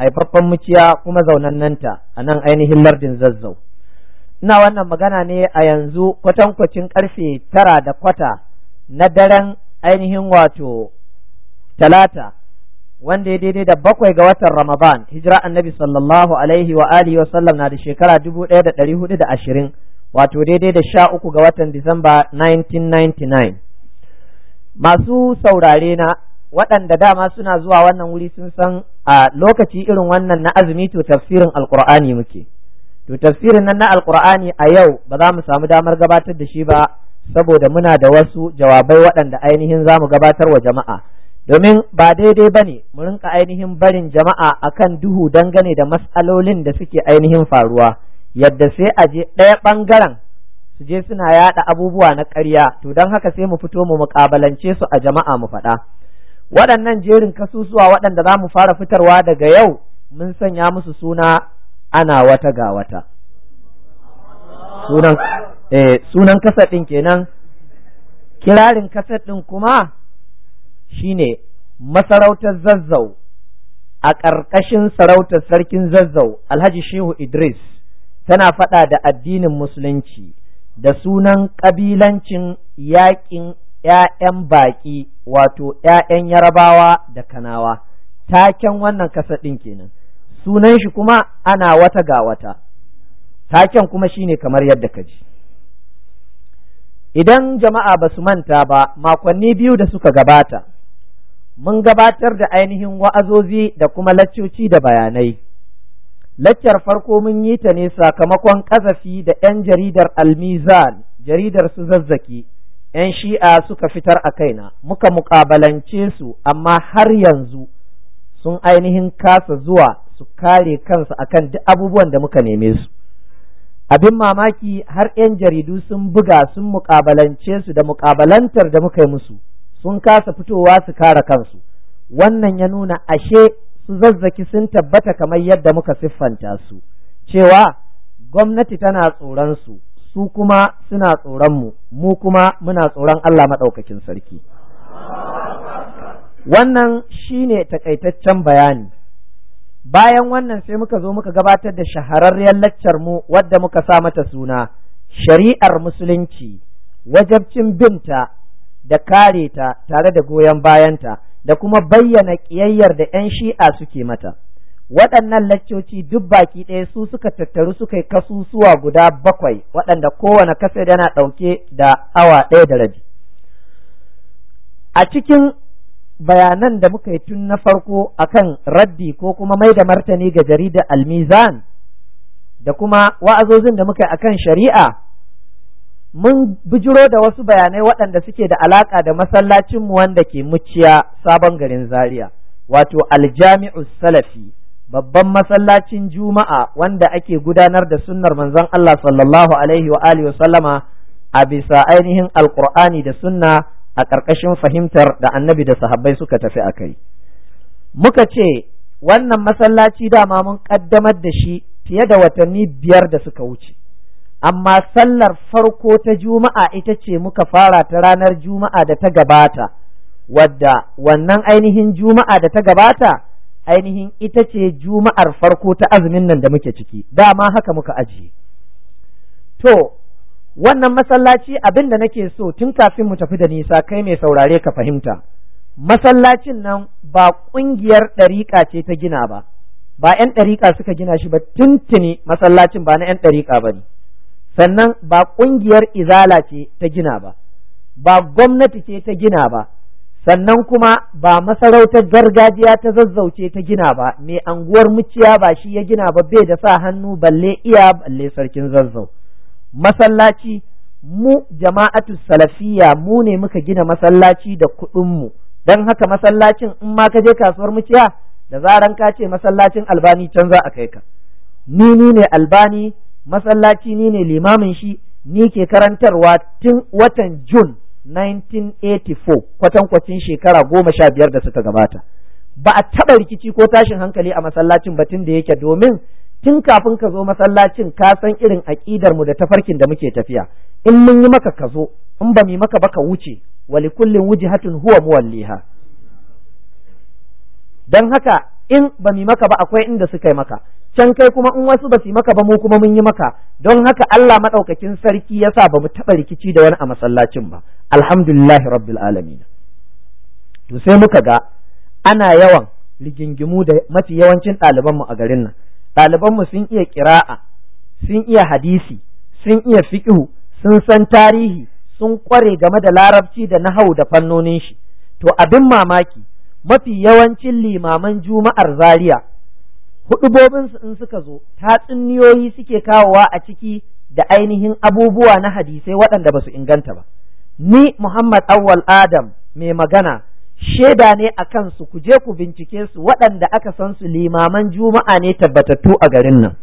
haifaffen muciya kuma zaunannanta a nan ainihin lardin zazzau ina wannan magana ne a yanzu kwatankwacin karfe tara da kwata na daren ainihin wato talata wanda ya daidai da bakwai ga watan ramadan hijira annabi sallallahu alaihi wa alihi wa sallam na da shekara dubu ɗaya da ɗari hudu da ashirin wato daidai da sha uku ga watan disamba 1999 masu saurare na waɗanda dama suna zuwa wannan wuri sun san a lokaci irin wannan na azumi to tafsirin alkur'ani muke to tafsirin nan na alkur'ani a yau ba za mu samu damar gabatar da shi ba saboda muna da wasu jawabai waɗanda ainihin za mu gabatar wa jama'a domin ba daidai ba ne mu rinka ainihin barin jama'a akan duhu dangane da matsalolin da suke ainihin faruwa yadda sai a je ɗaya ɓangaren su je suna yaɗa abubuwa na ƙarya to don haka sai mu fito mu muƙabalance su a jama'a mu faɗa waɗannan jerin kasusuwa waɗanda za mu fara fitarwa daga yau mun sanya musu suna ana wata ga wata sunan eh, sunan kenan kirarin kasar ɗin kuma shine masarautar zazzau a ƙarƙashin sarautar sarkin zazzau alhaji shehu idris tana faɗa da addinin musulunci da sunan ƙabilancin yaƙin ‘ya'yan baƙi wato ‘ya'yan yarabawa da kanawa, taken wannan kasaɗin kenan, sunan shi kuma ana wata ga wata, taken kuma shine kamar yadda ka ji. Idan jama'a ba su manta ba, makonni biyu da suka gabata, mun gabatar da ainihin wa'azozi da kuma laccoci da bayanai. Laccar farko mun yi ta ne sakamakon ƙazafi da ‘yan jaridar Almizan, jaridar su zazzaki. 'yan shi'a suka fitar a kaina muka muƙabalance su amma har yanzu sun ainihin kasa zuwa su kare kansu akan duk abubuwan da muka neme su abin mamaki har 'yan jaridu sun buga sun muƙabalance su da muƙabalantar da muka yi musu sun kasa fitowa su kare kansu wannan ya nuna ashe su zazzaki sun tabbata kamar yadda muka siffanta su cewa gwamnati tana tsoron su su kuma suna tsoron mu mu kuma muna tsoron Allah maɗaukakin sarki wannan shine takaitaccen bayani bayan wannan sai muka zo muka gabatar da shahararriyar laccar mu wadda muka sa mata suna shari'ar musulunci wajabcin binta da kare ta tare da goyon bayanta da kuma bayyana ƙiyayyar da 'yan shi'a suke mata. waɗannan laccoci duk baki ɗaya su suka tattaru suka yi kasusuwa guda bakwai waɗanda kowane kasar yana ɗauke da awa ɗaya da rabi a cikin bayanan da muka yi tun na farko akan raddi ko kuma mai da martani ga jaridar almizan da kuma wa'azozin da muka yi akan shari'a mun bijiro da wasu bayanai waɗanda suke da alaƙa da masallacinmu wanda ke muciya sabon garin zaria wato aljami'u salafi babban masallacin juma'a wanda ake gudanar da sunnar manzon Allah sallallahu alaihi wa alihi wa sallama a bisa ainihin alqur'ani da sunna a ƙarƙashin fahimtar da annabi da sahabbai suka tafi a kai muka ce wannan masallaci dama mun ƙaddamar da shi fiye da watanni biyar da suka wuce amma sallar farko ta juma'a ita ce muka fara ta ranar juma'a da ta gabata wadda wannan ainihin juma'a da ta gabata ainihin ita ce juma'ar farko ta azumin nan da muke ciki dama haka muka ajiye to wannan masallaci abin da nake so tun kafin mu tafi da nisa kai mai saurare ka fahimta masallacin nan ba ƙungiyar ɗariƙa ce ta gina ba ba 'yan ɗariƙa suka gina shi ba tuntuni masallacin ba na 'yan ɗariƙa ba ne sannan ba ƙungiyar izala ce ta gina ba ba gwamnati ce ta gina ba sannan kuma ba masarautar gargajiya ta zazzauce ta gina ba mai anguwar muciya ba shi ya gina ba bai da sa hannu balle iya balle sarkin zazzau masallaci mu jama'atu salafiya mu ne muka gina masallaci da kuɗinmu don haka masallacin in ma ka je kasuwar muciya da zaran ka ce masallacin albani can za a kai ka ni ni ne albani masallaci ni ne limamin shi ni ke karantarwa tun watan jun 1984 kwatankwacin shekara goma sha biyar da suka gabata ba a taɓa rikici ko tashin hankali a masallacin batun da yake domin tun kafin ka zo masallacin ka san irin aƙidar mu da tafarkin da muke tafiya in mun yi maka ka zo in ba mu maka ba ka wuce kullum wuji hatin huwa muwalliha don haka in ba mu maka ba akwai inda suka yi maka can kai kuma in wasu ba su maka ba mu kuma mun yi maka don haka Allah madaukakin sarki yasa ba mu taɓa rikici da wani a masallacin ba alhamdulillahi rabbil alamin to sai muka ga ana yawan rigingimu da mafi yawancin ɗalibanmu a garin nan ɗaliban mu sun iya ƙira'a sun iya hadisi sun iya fiqhu sun san tarihi sun ƙware game da larabci da nahau da fannonin shi to abin mamaki mafi yawancin limaman juma'ar zaria hudubobinsu in suka zo tatsuniyoyi suke kawowa a ciki da ainihin abubuwa na hadisai waɗanda ba su inganta ba ni Muhammad Awwal Adam mai magana shaida ne a kansu ku je ku bincike su waɗanda aka san su limaman juma'a ne tabbatattu a garin nan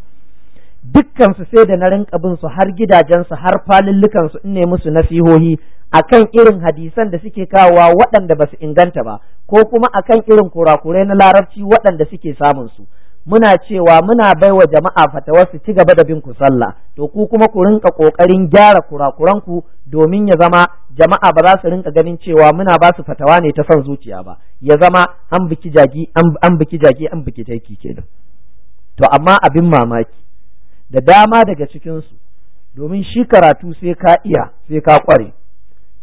Dukkansu sai da na rinka bin su har gidajensu har falullukansu in ne musu nasihohi akan irin hadisan da suke kawowa waɗanda ba su inganta ba ko kuma akan irin kurakurai na larabci waɗanda suke samun su muna cewa muna baiwa jama'a fatawa su ci gaba da bin ku sallah to ku kuma ku rinka kokarin gyara kurakuran ku domin ya zama jama'a ba za su rinka ganin cewa muna ba su fatawa ne ta son zuciya ba ya zama an biki jaki an biki jaki an biki taiki kenan to amma abin mamaki da dama daga cikin su domin shi karatu sai ka iya sai ka kware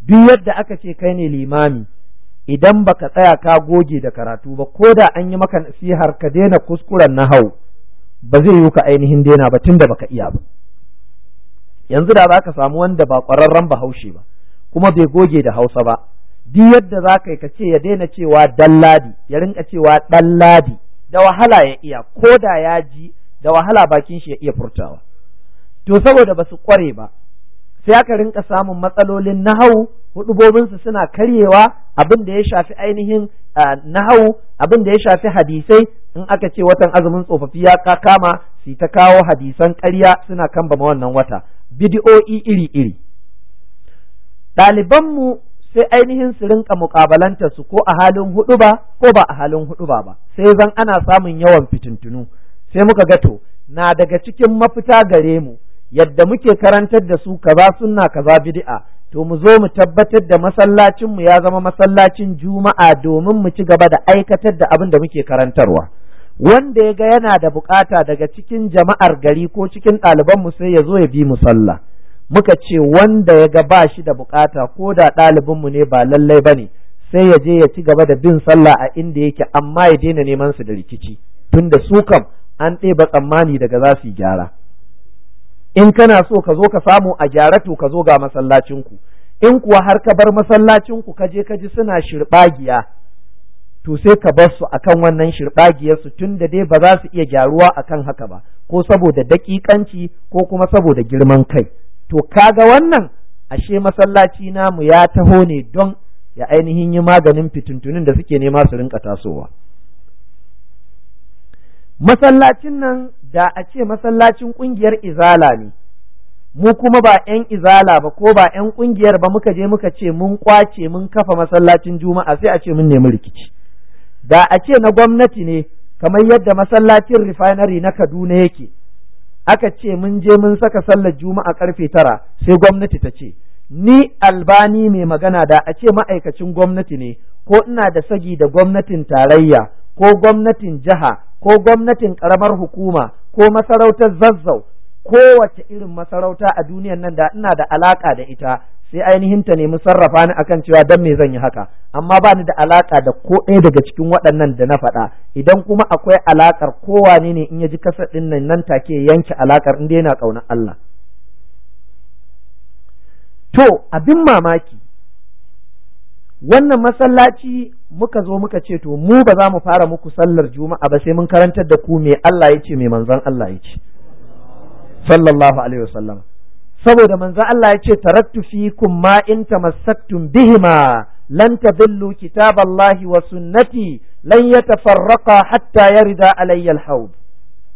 duk yadda aka ce kai ne limami idan baka tsaya ka goge da karatu ba ko da an yi maka nasihar ka daina kuskuren hau ba zai yi ka ainihin daina ba tun da baka iya ba yanzu da za ka samu wanda ba ƙwararren bahaushe ba kuma bai goge da hausa ba duk yadda za ka yi ka ce ya daina cewa dalladi ya rinka cewa dalladi da wahala ya iya ko da ya ji da wahala bakin shi ya iya furtawa to saboda ba su ƙware ba sai aka rinka samun matsalolin nahau hudubobinsu suna karyewa abin da ya shafi ainihin nahau abin da ya shafi hadisai in aka ce watan azumin tsofaffi ya kama su ta kawo hadisan karya suna kambama wannan wata bidi'o'i iri-iri ɗalibanmu sai ainihin su rinka mukabalanta su ko a halin hudu ba ko ba a halin hudu ba sai zan ana samun yawan fitintunu sai muka ga to na daga cikin mafita gare mu yadda muke karantar da su kaza sunna kaza bid'a to mu zo mu tabbatar da masallacin mu ya zama masallacin juma'a domin mu ci gaba da aikatar da abin da muke karantarwa wanda ya ga yana da bukata daga cikin jama'ar gari ko cikin ɗaliban mu sai ya zo ya bi mu sallah muka ce wanda ya ga ba shi da bukata ko da ɗalibin mu ne ba lallai bane sai ya je ya ci gaba da bin sallah a inda yake amma ya daina neman su da rikici tunda su kam an ɗeba tsammani daga za su yi gyara in kana so ka zo ka samu a to ka zo ga masallacinku in kuwa har ka bar masallacinku ka je ka ji suna shirɓagiya to sai ka bar su akan wannan shirɓagiyar su tun da dai ba za su iya gyaruwa akan haka ba ko saboda daƙiƙanci ko kuma saboda girman kai to kaga wannan ashe masallaci namu ya taho ne don ya ainihin yi maganin fitintunin da suke nema su rinka tasowa masallacin nan da a ce masallacin ƙungiyar izala ne mu kuma ba 'yan izala ba ko ba 'yan ƙungiyar ba muka je muka ce mun kwace mun kafa masallacin juma'a sai a ce mun nemi rikici da a ce na gwamnati ne kamar yadda masallacin refinery na kaduna yake aka ce mun je mun saka sallar juma'a karfe tara sai gwamnati ta ce ni albani mai magana da a ce ma'aikacin gwamnati ne ko ina da sagi da gwamnatin tarayya ko gwamnatin jiha ko gwamnatin ƙaramar hukuma ko masarautar zazzau kowace irin masarauta a duniyan nan da ina da alaƙa da ita sai ainihin ta nemi sarrafa ni akan cewa dan me zan yi haka amma ba ni da alaƙa da ko ɗaya daga cikin waɗannan da na faɗa idan kuma akwai alakar kowane ne in ya ji kasa ɗin nan nan take yanke alakar in yana ƙaunar Allah to abin mamaki wannan masallaci muka zo muka ce to mu ba za mu fara muku sallar juma'a ba sai mun karantar da ku me Allah ya ce me manzon Allah ya ce sallallahu alaihi wasallam saboda manzon Allah ya ce taraktu fikum ma in tamassaktum bihima lan tadillu kitaballahi wa sunnati lan yatafarraqa hatta yarda alayya alhawd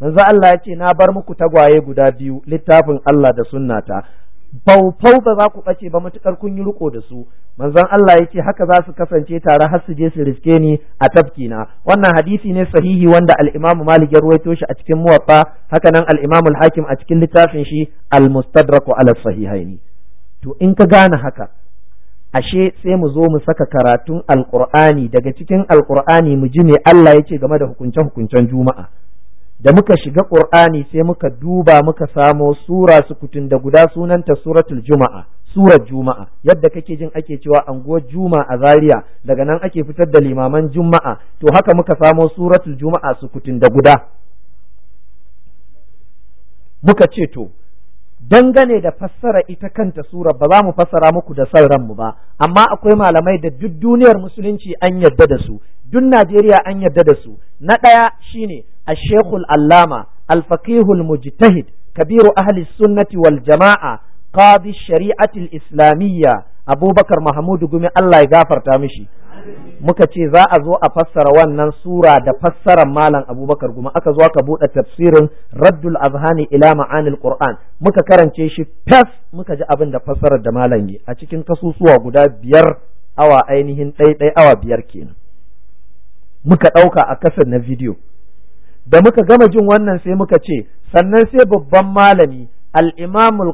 manzon Allah ya ce na bar muku tagwaye guda biyu littafin Allah da sunnata baufau ba za ku ɓace ba matuƙar kun yi riko da su manzon Allah ya ce haka za su kasance tare har su je su riske ni a tafki wannan hadisi ne sahihi wanda al-Imam Malik ya ruwaito shi a cikin Muwatta haka nan al-Imam al-Hakim a cikin littafin shi al-Mustadrak ala sahihaini to in ka gane haka ashe sai mu zo mu saka karatun al-Qur'ani daga cikin al-Qur'ani mu ji me Allah ya ce game da hukunce hukuncen juma'a da muka shiga qur'ani sai muka duba muka samo sura sukutun da guda sunanta suratul juma'a surar juma'a yadda kake jin ake cewa anguwar juma'a a zaria daga nan ake fitar da limaman juma'a to haka muka samo suratul juma'a sukutun da guda muka ce to dangane da fassara ita kanta sura ba za mu fassara muku da ran ranmu ba amma akwai malamai da duk duniyar musulunci an yadda da su duk Najeriya an yadda da su na ɗaya shine A الشيخ العلامة الفقيه المجتهد كبير أهل السنة والجماعة قاضي الشريعة الإسلامية أبو بكر محمود قمي الله يغافر mishi. muka ce za a zo a fassara wannan sura da fassarar malam abubakar gumi aka zo aka buɗe tafsirin raddul azhani ila ma'anil kur'an. muka karance shi fas muka ji abin da fassarar da malam yi a cikin kasusuwa guda biyar awa ainihin ɗaiɗai awa biyar kenan muka ɗauka a kasar na bidiyo da muka gama jin wannan sai muka ce sannan sai babban malami al-imamul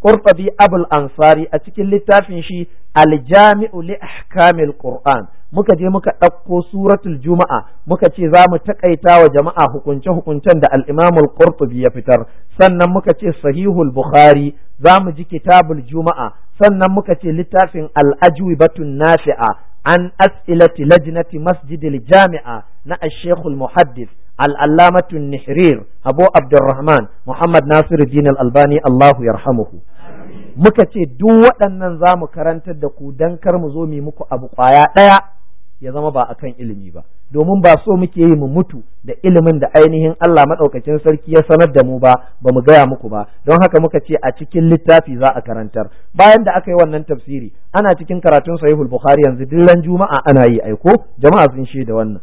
qurtubi abul ansari a cikin littafin shi al-jami'u li ahkamil qur'an muka je muka ɗauko suratul juma'a muka ce za mu taƙaita wa jama'a hukunce-hukuncen da al'imamul qurtubi ya fitar sannan muka ce sahihul bukhari za mu ji kitabul juma'a sannan muka ce littafin al'ajwibatun nafi'a an as'ilati lajnati masjidil jami'a na ashekul muhaddis al'allamatun nihrir abu abdurrahman muhammad nasiru dinal albani allahu yarhamuhu muka ce duk waɗannan za mu karantar da ku don kar mu zo mu muku abu ƙwaya ɗaya ya zama ba akan ilimi ba domin ba so muke yi mu mutu da ilimin da ainihin Allah madaukakin sarki ya sanar da mu ba ba mu gaya muku ba don haka muka ce a cikin littafi za a karantar bayan da aka yi wannan tafsiri ana cikin karatun sahihul bukhari yanzu dillan juma'a ana yi aiko jama'a sun shi da wannan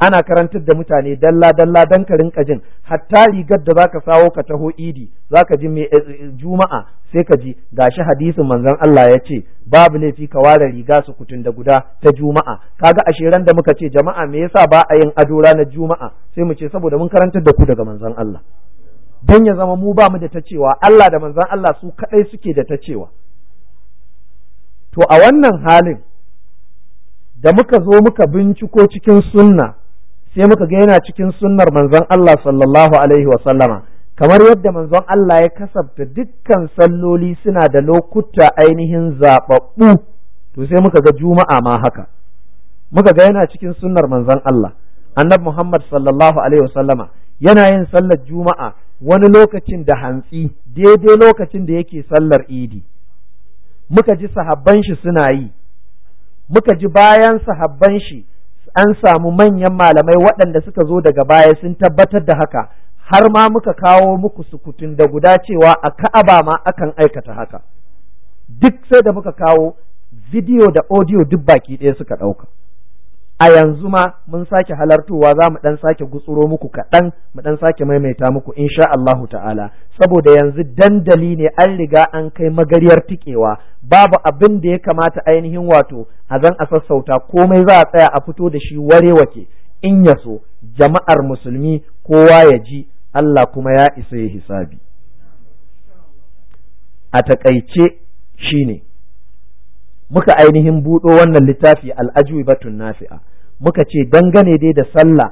ana karantar da mutane dalla dalla dan ka rinka jin hatta rigar da zaka sawo ka taho idi zaka ji me eh, eh, juma'a sai ka ji shi hadisin manzon Allah ya ce babu laifi ka ware riga su kutun da guda ta juma'a kaga ashe ran da muka ce jama'a me yasa ba a yin ado ranar juma'a sai mu ce saboda mun karantar da ku daga manzon Allah dan ya zama mu ba mu da ta cewa Allah da manzon Allah su kadai suke da ta cewa to a wannan halin da muka zo muka binciko cikin sunna sai muka ga yana cikin sunnar manzon Allah sallallahu alaihi wa sallama kamar yadda manzon Allah ya kasabta dukkan salloli suna da lokuta ainihin zababbu to sai muka ga juma'a ma haka muka ga yana cikin sunnar manzon Allah annabi Muhammad sallallahu alaihi sallama yana yin sallar juma'a wani lokacin da hantsi daidai lokacin da yake sallar idi muka ji sahabban shi suna yi muka ji bayan sahabban shi an samu manyan malamai waɗanda suka zo daga baya sun tabbatar da haka har ma muka kawo muku sukutun da guda cewa a ka'aba ma akan aikata haka duk sai da muka kawo video da audio duk baki ɗaya suka ɗauka a yanzu ma mun sake halartowa za mu dan sake gutsuro muku kaɗan mu ɗan sake maimaita muku insha Allahu ta'ala saboda yanzu dandali ne an riga an kai magariyar tikewa babu abin da ya kamata ainihin wato a zan a sassauta komai za a tsaya a fito da shi ware wake in ya so jama'ar musulmi kowa ya ji Allah kuma ya isa ya hisabi a takaice shine muka ainihin buɗo wannan littafi al'ajwibatun nafi'a muka ce dangane dai da sallah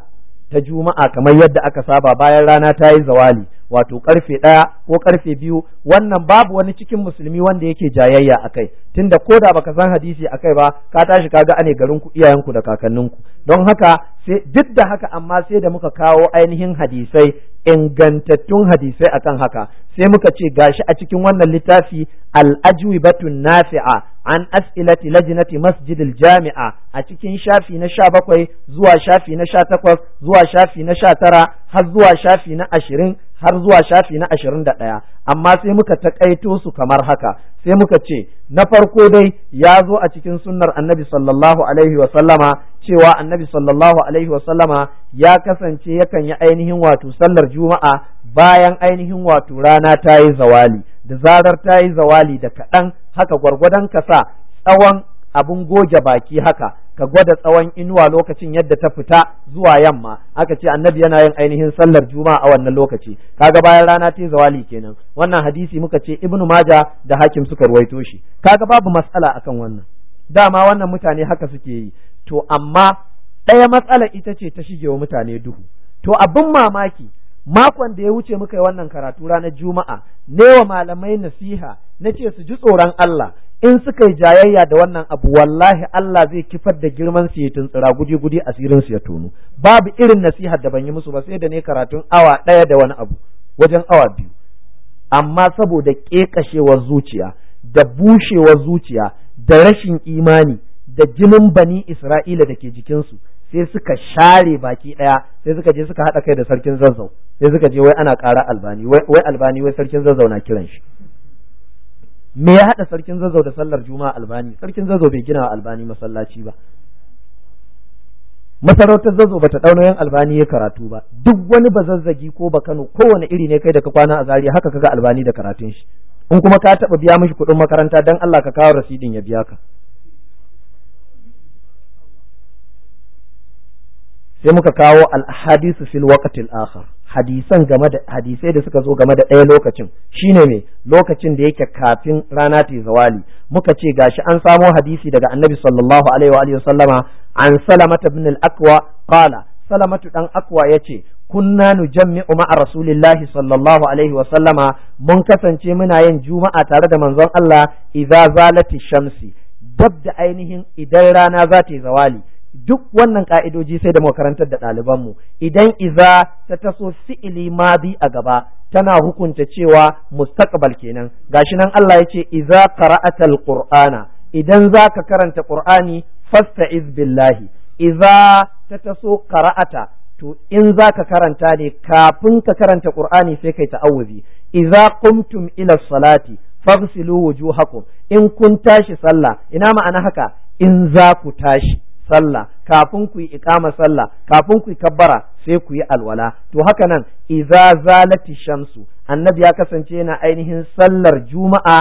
ta juma'a kamar yadda aka saba bayan rana ta yi zawali wato karfe ɗaya ko karfe biyu wannan babu wani cikin musulmi wanda yake jayayya a kai tunda ko da baka san hadisi a kai ba ka tashi ka ga ane garin ku iyayenku da kakanninku don haka sai duk da haka amma sai da muka kawo ainihin hadisai ingantattun hadisai akan haka sai muka ce gashi a cikin wannan littafi al-ajwibatun nafi'a an as'ilati lajnati masjidil jami'a a cikin shafi na sha bakwai zuwa shafi na sha takwas zuwa shafi na sha tara har zuwa shafi na ashirin har zuwa shafi na ashirin da ɗaya amma sai muka taƙaito su kamar haka sai muka ce na farko dai ya zo a cikin sunnar annabi sallallahu alaihi wa sallama cewa annabi sallallahu alaihi wa sallama ya kasance yakan yi ainihin wato sallar juma'a bayan ainihin wato rana ta yi zawali da zarar ta yi zawali da kaɗan haka gwargwadon ka sa tsawon abin goge baki haka ka gwada tsawon inuwa lokacin yadda ta fita zuwa yamma aka ce annabi yana yin ainihin sallar juma'a a wannan lokaci kaga bayan rana ta zawali kenan wannan hadisi muka ce ibnu maja da hakim suka ruwaito shi kaga babu matsala akan wannan dama wannan mutane haka suke yi to amma ɗaya matsala ita ce ta shige wa mutane duhu to abin mamaki makon da ya wuce muka yi wannan karatu ranar juma'a ne wa malamai nasiha na ce su ji tsoron Allah in suka yi jayayya da wannan abu wallahi Allah zai kifar da girman su ya tuntsura gudi gudi asirin su ya tono babu irin nasiha da ban yi musu ba sai da ne karatun awa ɗaya da wani abu wajen awa biyu amma saboda ƙeƙashewar zuciya da bushewar zuciya da rashin imani da jinin bani Isra'ila da ke jikinsu sai suka share baki ɗaya sai suka je suka hada kai da sarkin zazzau sai suka je wai ana ƙara albani wai albani wai sarkin zazzau na kiran shi me ya haɗa sarkin zazzau da sallar juma'a albani sarkin zazzau bai gina albani masallaci ba masarautar zazzau bata dau albani ya karatu ba duk wani ba zazzagi ko ba Kano kowane iri ne kai da ka kwana a zariya haka kaga albani da karatun shi in kuma ka taba biya mishi kuɗin makaranta dan Allah ka kawo rasidin ya biya ka sai muka kawo al-hadisu fil waqtil akhar hadisan game da hadisai da suka zo game da ɗaya lokacin shine me lokacin da yake kafin rana ta zawali muka ce gashi an samo hadisi daga annabi sallallahu alaihi wa alihi sallama an salamata ibn al-aqwa qala salamatu dan aqwa yace kunna nujammi'u ma'a rasulillahi sallallahu alaihi wa sallama mun kasance muna yin juma'a tare da manzon Allah idza zalati shamsi dab da ainihin idan rana za ta zawali duk wannan ka'idoji sai da makarantar da ɗalibanmu idan iza ta taso fi'ili madi a gaba tana hukunta cewa mustaqbal kenan gashi nan Allah ya ce iza qara'atal qur'ana idan zaka karanta qur'ani fasta'iz billahi iza ta taso qara'ata to in zaka karanta ne kafin ka karanta qur'ani sai kai ta'awuzi iza qumtum ila salati faghsilu wujuhakum in kun tashi sallah ina ma'ana haka in za ku tashi sallah kafin ku yi iqama sallah kafin ku yi kabbara sai ku yi alwala to haka nan idza zalati shamsu annabi ya kasance yana ainihin sallar juma'a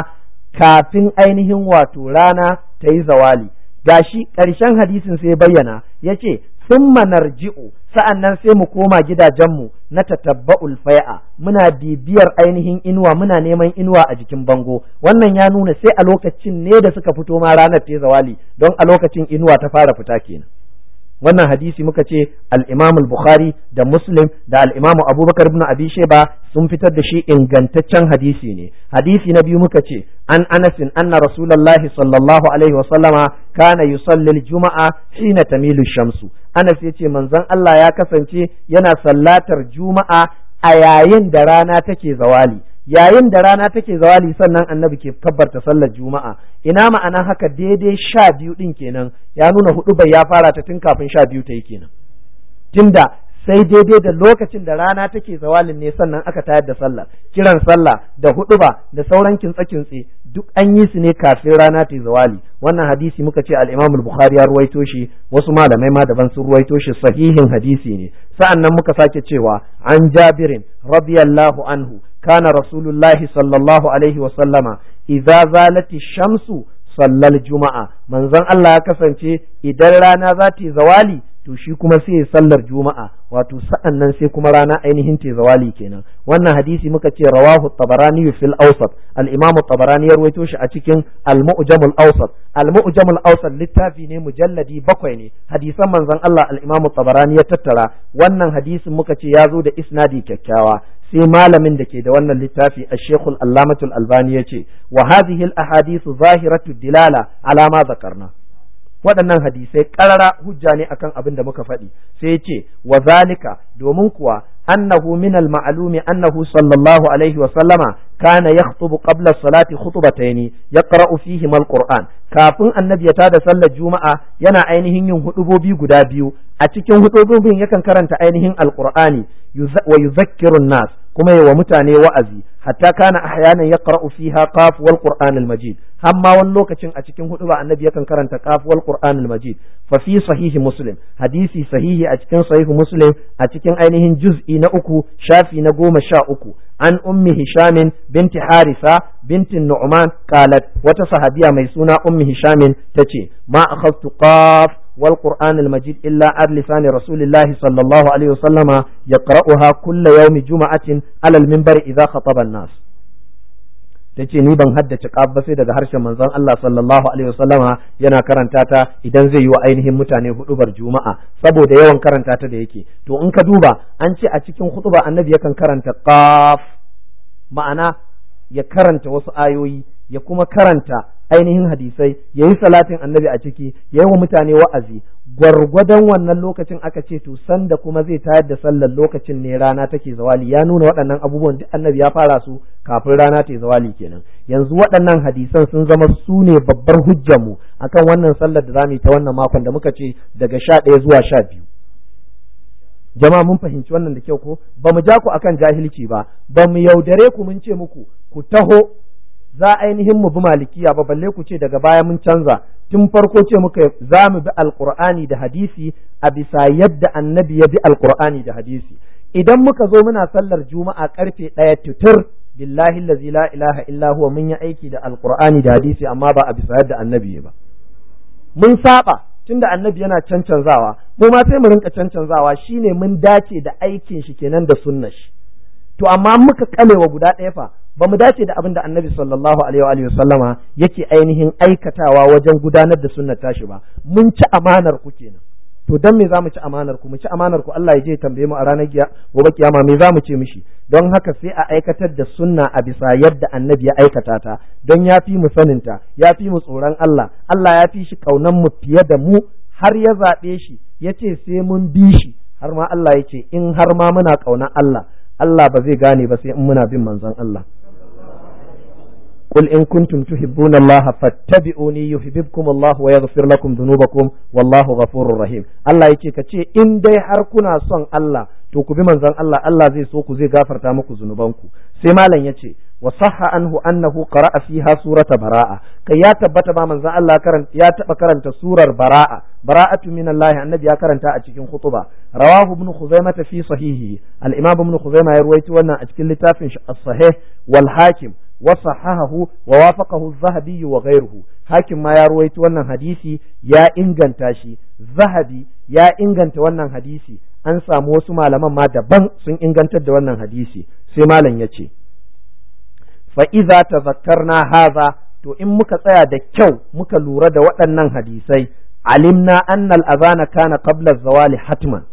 kafin ainihin wato rana ta yi zawali gashi ƙarshen hadisin sai bayyana yace summa narji'u sa'annan sai mu koma gidajenmu na tatabba'ul fai'a muna bibiyar ainihin inuwa muna neman inuwa a jikin bango wannan ya nuna sai a lokacin ne da suka fito ma ranar tezawali don a lokacin inuwa ta fara fita kenan wannan hadisi muka ce alimamul bukhari da Muslim da al-Imam Abubakar ibn Abi Shayba sun fitar da shi ingantaccen hadisi ne hadisi na biyu muka ce an anasin anna Rasulullah sallallahu alaihi wa sallama kana yusalli al-jumu'a tamilu shamsu Anas yace manzon Allah ya kasance yana sallatar juma'a a yayin da rana take zawali yayin da rana take zawali sannan annabi ke tabbarta sallar juma'a ina ma'ana haka daidai sha biyu din kenan ya nuna hudu bai ya fara ta tun kafin sha biyu ta yi kenan tunda sai daidai da lokacin da rana take zawalin ne sannan aka tayar da sallah kiran sallah da huduba da sauran kintsa kintse duk an yi su ne kafin rana ta zawali wannan hadisi muka ce al-Imam al-Bukhari ya ruwaito shi wasu malamai ma daban sun ruwaito shi sahihin hadisi ne sa'annan muka sake cewa an Jabirin radiyallahu anhu kana rasulullahi sallallahu alaihi wa sallama idza zalati shamsu sallal juma'a manzon Allah ya kasance idan rana zata yi zawali to shi kuma sai ya sallar juma'a wato sa'an nan sai kuma rana ainihin tezawali kenan wannan hadisi muka ce rawahu tabarani fil awsat al imam tabarani ya rawaito shi a cikin al mu'jam al awsat al mu'jam al awsat littafi ne mujalladi bakwai ne hadisan manzon Allah al imam tabarani ya tattara wannan hadisin muka ce ya zo da isnadi kyakkyawa sai malamin da ke da wannan littafi a shekul allamatul albani ya ce wa hadhihi al ahadithu zahiratu dilala alama zakarna waɗannan hadisai ƙarara hujja ne akan abin da muka faɗi sai ya ce wa zalika domin kuwa annahu min al annahu sallallahu alaihi wa sallama kana yaktubu qabla salati khutbataini yaqra'u fihi al qur'an kafin annabi ya tada sallar juma'a yana ainihin yin hudubobi guda biyu a cikin hudubobin yakan karanta ainihin al qur'ani wa yuzakkiru nas kuma wa mutane wa'azi hatta kana ahyanan ya fiha qaf wal qur'an al majid hamma wani lokacin a cikin hudu ba annabi yakan karanta kafuwar wal qur'an majid fa fi sahihi muslim hadisi sahihi a cikin sahihi muslim a cikin ainihin juz'i na uku shafi na goma sha uku an ummi hishamin binti harisa binti nu'man qalat wata sahabiya mai suna ummi hishamin tace ma akhadtu qaf والقرآن المجيد إلا عن لسان رسول الله صلى الله عليه وسلم يقرأها كل يوم جمعة على المنبر إذا خطب الناس tace ni ban haddace ƙaf ba sai daga harshen manzon Allah sallallahu alaihi wasallama yana karanta ta idan zai yi wa ainihin mutane hudubar juma'a saboda yawan karanta ta da yake to in ka duba an ce a cikin hutuba annabi yakan karanta ƙaf ma'ana ya karanta wasu ayoyi ya kuma karanta ainihin hadisai ya yi salatin annabi a ciki ya yi wa mutane wa'azi gwargwadon wannan lokacin aka ce to sanda kuma zai tayar da sallar lokacin ne rana take zawali ya nuna waɗannan abubuwan duk annabi ya fara su kafin rana ta zawali kenan yanzu waɗannan hadisan sun zama su ne babbar hujjarmu akan wannan sallar da zamu yi ta wannan makon da muka ce daga sha ɗaya zuwa sha biyu jama'a mun fahimci wannan da kyau ko ba mu ja ku akan jahilci ba bamu yaudare ku mun ce muku ku taho za ainihin mu bi malikiya ba balle ku ce daga baya mun canza tun farko ce muka za mu bi alqur'ani da hadisi a bisa yadda annabi ya bi alqur'ani da hadisi idan muka zo muna sallar juma'a karfe ɗaya tutur billahi allazi la ilaha illa huwa mun yi aiki da alqur'ani da hadisi amma ba a bisa yadda annabi ba mun saba tunda annabi yana cancanzawa mu ma sai mu rinka cancanzawa shine mun dace da aikin shi kenan da sunnah shi to amma muka kalewa guda ɗaya fa ba mu dace da abin da annabi sallallahu alaihi wa sallama yake ainihin aikatawa wajen gudanar da sunnar tashi ba mun ci amanar ku kenan to dan me zamu ci amanar ku mu ci amanar ku Allah ya je tambaye mu a ranar gobe kiyama me zamu ce mishi don haka sai a aikatar da sunna a bisa yadda annabi ya aikata ta don ya fi mu sanin ta ya fi mu tsoron Allah Allah ya fi shi kaunan mu fiye da mu har ya zabe shi yace sai mun bi shi har ma Allah yace in har ma muna kaunar Allah Allah ba zai gane ba sai in muna bin manzon Allah in kun قل إن كنتم تحبون الله فاتبعوني يحببكم الله ويغفر لكم ذنوبكم والله غفور رحيم الله يجي in dai har kuna son allah to ku bi manzon Allah Allah zai so ku zai gafarta muku zunubanku sai malam yace wa sahha anhu annahu qara'a fiha surata bara'a kai ya tabbata ba manzon Allah karanta ya taba karanta surar bara'a bara'atu minallahi annabi ya karanta a cikin khutuba rawahu ibn khuzaimah fi sahihi al-imam ibn khuzaimah ya ruwaito wannan a cikin littafin shi as wal hakim wa وصححه ووافقه الذهبي وغيره حاكم ما يروي wannan hadisi ya inganta shi zahabi ya inganta wannan hadisi an samu wasu malaman ma daban sun ingantar da wannan hadisi sai malam ya yace fa idza na haza to in muka tsaya da kyau muka lura da waɗannan hadisai alimna anna al-adhana kana ƙablar az-zawali hatiman.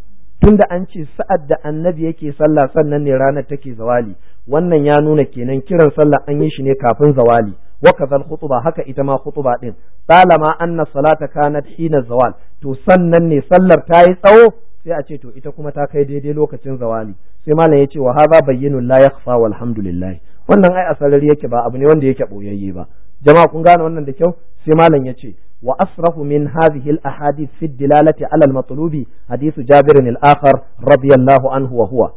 da an ce sa'ad da annabi yake sallah sannan ne ranar take zawali wannan ya nuna kenan kiran sallah an yi shi ne kafin zawali wakazal kazal khutuba haka ita ma khutuba din talama anna salata kanat hina zawal to sannan ne sallar ta yi tsawo sai a ce to ita kuma ta kai daidai lokacin zawali sai malam ya ce wa hadha bayyinun la yakhfa walhamdulillah wannan ai asalari yake ba abu ne wanda yake boyayye ba jama'a kun gane wannan da kyau sai malam ya ce وأصرف من هذه الأحاديث في الدلالة على المطلوب حديث جابر الآخر رضي الله عنه وهو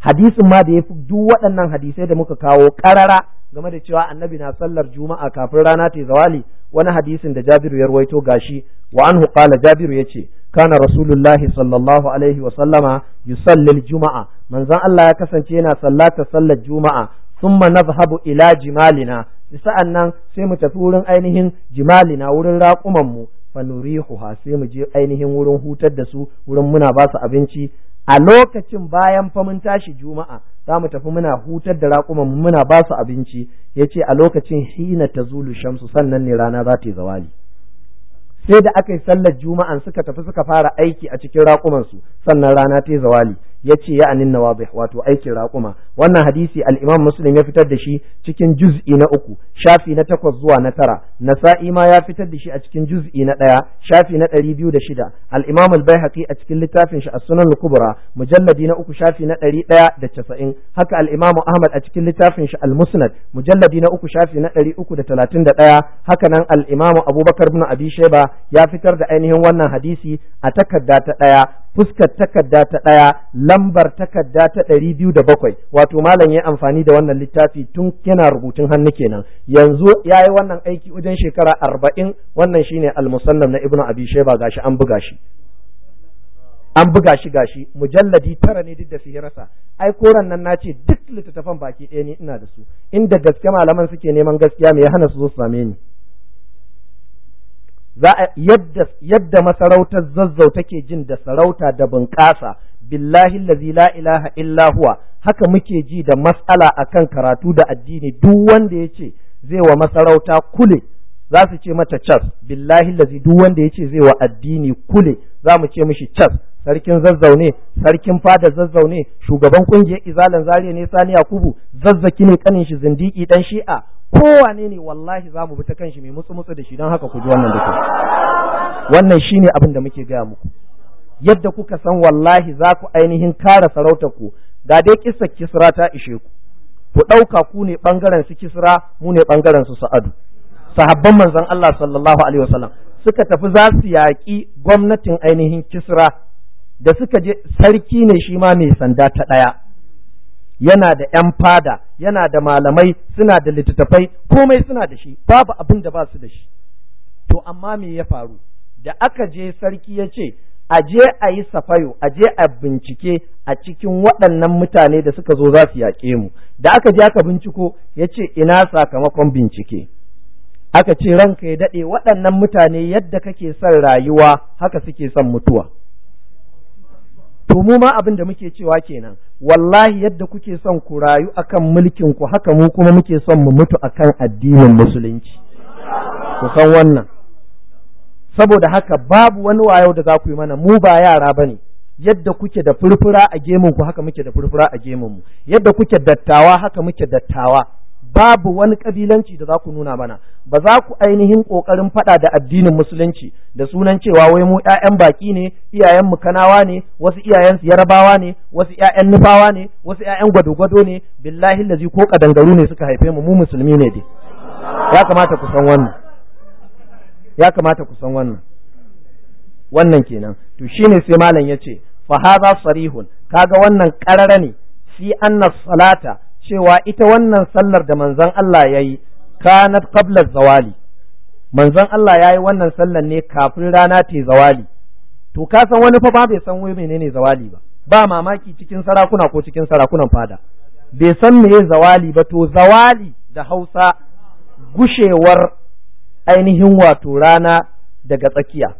حديث ما دي دو waɗannan hadisai da muka kawo ƙarara game da cewa annabi na sallar juma'a kafin rana ta zawali wani hadisin da Jabiru ya ruwaito gashi wa anhu qala Jabiru ya ce kana rasulullahi sallallahu alaihi wa sallama yusalli juma'a manzon Allah ya kasance yana sallata sallar juma'a thumma nadhhabu ila jimalina sa'an nan sai mu tafi wurin ainihin jimalina wurin raƙumanmu mu fa nurihuha sai mu je ainihin wurin hutar da su wurin muna ba su abinci a lokacin bayan fa mun tashi juma'a za mu tafi muna hutar da raƙumanmu mu muna ba su abinci yace a lokacin hina tazulu shamsu sannan ne rana za ta yi zawali sai da aka yi sallar juma'an suka tafi suka fara aiki a cikin raƙumansu sannan rana ta zawali yace ya anin nawabih wato aikin raƙuma wannan hadisi al-Imam Muslim ya fitar da shi cikin juz'i na uku shafi na takwas zuwa na tara Nasa'i ma ya fitar da shi a cikin juz'i na ɗaya shafi na ɗari biyu da shida al-Imam al-Baihaqi a cikin littafin shi as-Sunan al-Kubra mujalladi na uku shafi na ɗari ɗaya da casa'in haka al-Imam Ahmad a cikin littafin shi al-Musnad mujalladi na uku shafi na ɗari uku da talatin da ɗaya haka nan al-Imam Abubakar bin Abi Sheba ya fitar da ainihin wannan hadisi a takarda ta ɗaya fuskar takarda ta ɗaya lambar takarda ta ɗari biyu da bakwai wato malam ya amfani da wannan littafi tun yana rubutun hannu kenan yanzu ya yi wannan aiki wajen shekara arba'in wannan shi shine almusannam na ibnu abi sheba gashi an buga shi an buga shi gashi mujalladi tara ne duk da su rasa ai koran nan na ce duk littattafan baki ɗaya ne ina da su inda gaske malaman suke neman gaskiya me ya hana su zo su same ni za a yadda yadda masarautar zazzau take jin da sarauta da bunƙasa billahi allazi la ilaha illa huwa haka muke ji da mas'ala akan karatu da addini duk wanda yace zai wa masarauta kule za su ce mata cas billahi allazi duk wanda yace zai wa addini kule za mu ce mishi cas sarkin zazzaune sarkin fada zazzaune shugaban kungiyar izalan zariya ne sani yakubu zazzaki ne kanin shi zindiki dan shi'a kowane ne wallahi za mu bi ta kanshi mai mutsu mutsu da shi don haka ku ji wannan duka wannan shine abin da muke gaya muku yadda kuka san wallahi za ku ainihin kara sarautar ku da dai kissa kisra ta ishe ku ku ɗauka ku ne ɓangaren su kisra mu ne ɓangaren su sa'adu sahabban manzon Allah sallallahu alaihi wasallam suka tafi za su yaƙi gwamnatin ainihin kisra da suka je sarki ne shi ma mai sanda ta ɗaya yana da ‘yan fada yana da malamai suna da littattafai komai suna da shi babu abin da ba su da shi to amma me ya faru da aka je sarki ya ce a je a yi safayo a je a bincike a cikin waɗannan mutane da suka zo za su yaƙe mu da aka je aka binciko ya ce ina sakamakon bincike aka ce ranka ya daɗe waɗannan mutane yadda kake son rayuwa haka suke son mutuwa to mu ma abin da muke cewa kenan wallahi yadda kuke son ku rayu akan mulkin ku haka mu kuma muke son mu mutu akan addinin musulunci ku san wannan saboda haka babu wani wayo da za ku yi mana mu ba yara bane yadda kuke da furfura a gemun ku haka muke da furfura a gemun mu yadda kuke dattawa haka muke dattawa babu wani kabilanci da za ku nuna mana ba za ku ainihin kokarin fada da addinin musulunci da sunan cewa wai mu yayan baki ne iyayen mu kanawa ne wasu iyayen su yarabawa ne wasu yayan nufawa ne wasu yayan gwado-gwado ne billahi lazi ko kadangaru ne suka haife mu mu musulmi ne dai ya kamata ku san wannan ya kamata ku san wannan wannan kenan to shine sai malam yace fa hadha sarihun kaga wannan karara ne fi anna salata cewa ita wannan sallar da manzon Allah ya yi kanat qabla zawali manzon Allah ya yi wannan sallar ne kafin rana ta zawali to ka san wani fa ba bai san wai menene zawali ba ba mamaki cikin sarakuna ko cikin sarakunan fada bai san meye zawali ba to zawali da Hausa gushewar ainihin wato rana daga tsakiya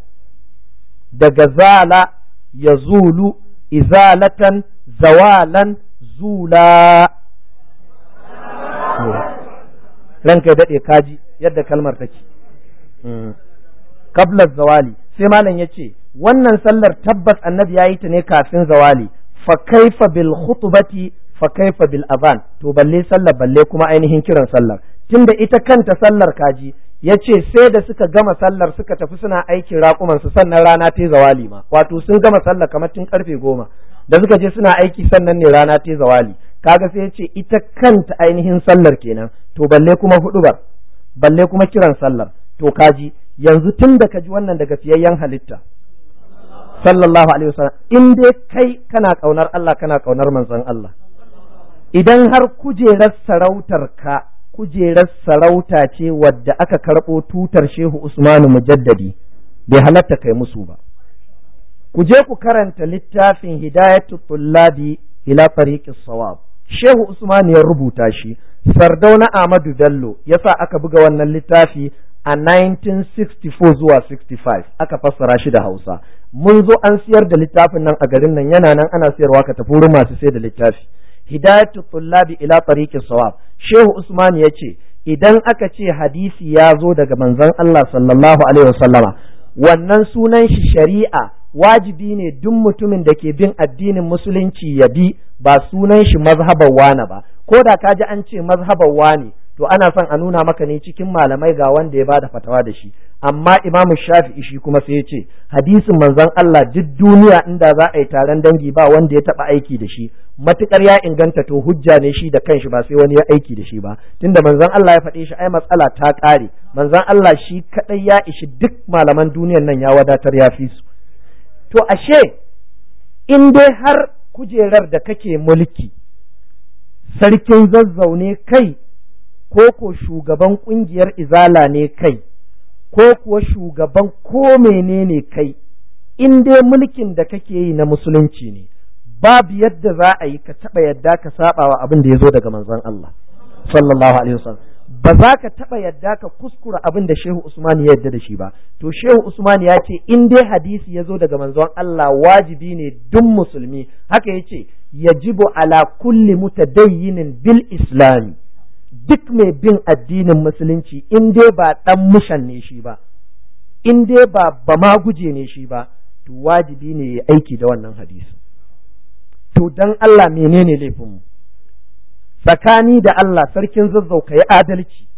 daga zala ya zulu izalatan zawalan zula yawa ranka ya daɗe kaji yadda kalmar take kablar hmm. zawali sai malam ya ce wannan sallar tabbas annabi ya yi ta ne kafin zawali fa bil fa bil aban to balle sallar balle kuma ainihin kiran sallar tunda ita kanta sallar kaji ya ce sai da suka gama sallar suka tafi suna aikin raƙumansu sannan rana ta zawali ma wato sun gama sallar kamar tun karfe goma da suka je suna aiki sannan ne rana ta zawali kaga sai ya ce ita kanta ainihin sallar kenan to balle kuma hudubar balle kuma kiran sallar to kaji yanzu tun da kaji wannan daga fiyayyen halitta sallallahu alaihi wasallam in dai kai kana kaunar Allah kana kaunar manzon Allah idan har kujerar sarautar ka kujerar sarauta ce wadda aka karɓo tutar Shehu usman Mujaddadi bai halatta kai musu ba ku je ku karanta littafin Hidayatu Tullabi ila tariqis sawab shehu usman ya rubuta shi sardauna ahmadu bello sa aka buga wannan littafi a 1964 zuwa 65 aka fassara shi da hausa mun zo an siyar da littafin nan a garin nan yana nan ana siyarwa ka tafi wurin masu sai da littafi hidayatu tullabi ila tariqi sawab shehu usman ya ce idan aka ce hadisi ya zo daga manzon Allah sallallahu alaihi wasallama wannan sunan shi shari'a wajibi ne duk mutumin da ke bin addinin musulunci ya bi ba sunan shi mazhabar wane ba ko da ka ji an ce mazhabar wane to ana son a nuna maka ne cikin malamai ga wanda ya bada fatawa da shi amma imam shafi'i shi kuma sai ya ce hadisin manzon Allah duk duniya inda za a yi taron dangi ba wanda ya taba aiki da shi matukar ya inganta to hujja ne shi da kanshi ba sai wani ya aiki da shi ba tunda manzon Allah ya faɗe shi ai matsala ta ƙare manzon Allah shi kadai ya ishi duk malaman duniyar nan ya wadatar ya fi su to ashe in dai har kujerar da kake mulki sarkin zazzau ne kai ko ko shugaban ƙungiyar izala ne kai ko kuwa shugaban ko menene kai in dai mulkin da kake yi na musulunci ne babu yadda za a yi ka taɓa yadda ka saba wa abin da ya zo daga manzon Allah sallallahu alaihi wasallam ba za ka taɓa yadda ka kuskura abin da Shehu Usman ya yadda da shi ba to Shehu Usman ya ce in dai hadisi ya zo daga manzon Allah wajibi ne duk musulmi haka ya ce ya jibo ala kulli mutadayyinin bil islami duk mai bin addinin musulunci in dai ba ɗan mushan ne shi ba in dai ba ba ma guje ne shi ba to wajibi ne ya aiki da wannan hadisi to don Allah menene laifinmu tsakani da Allah sarkin zazzau ka yi adalci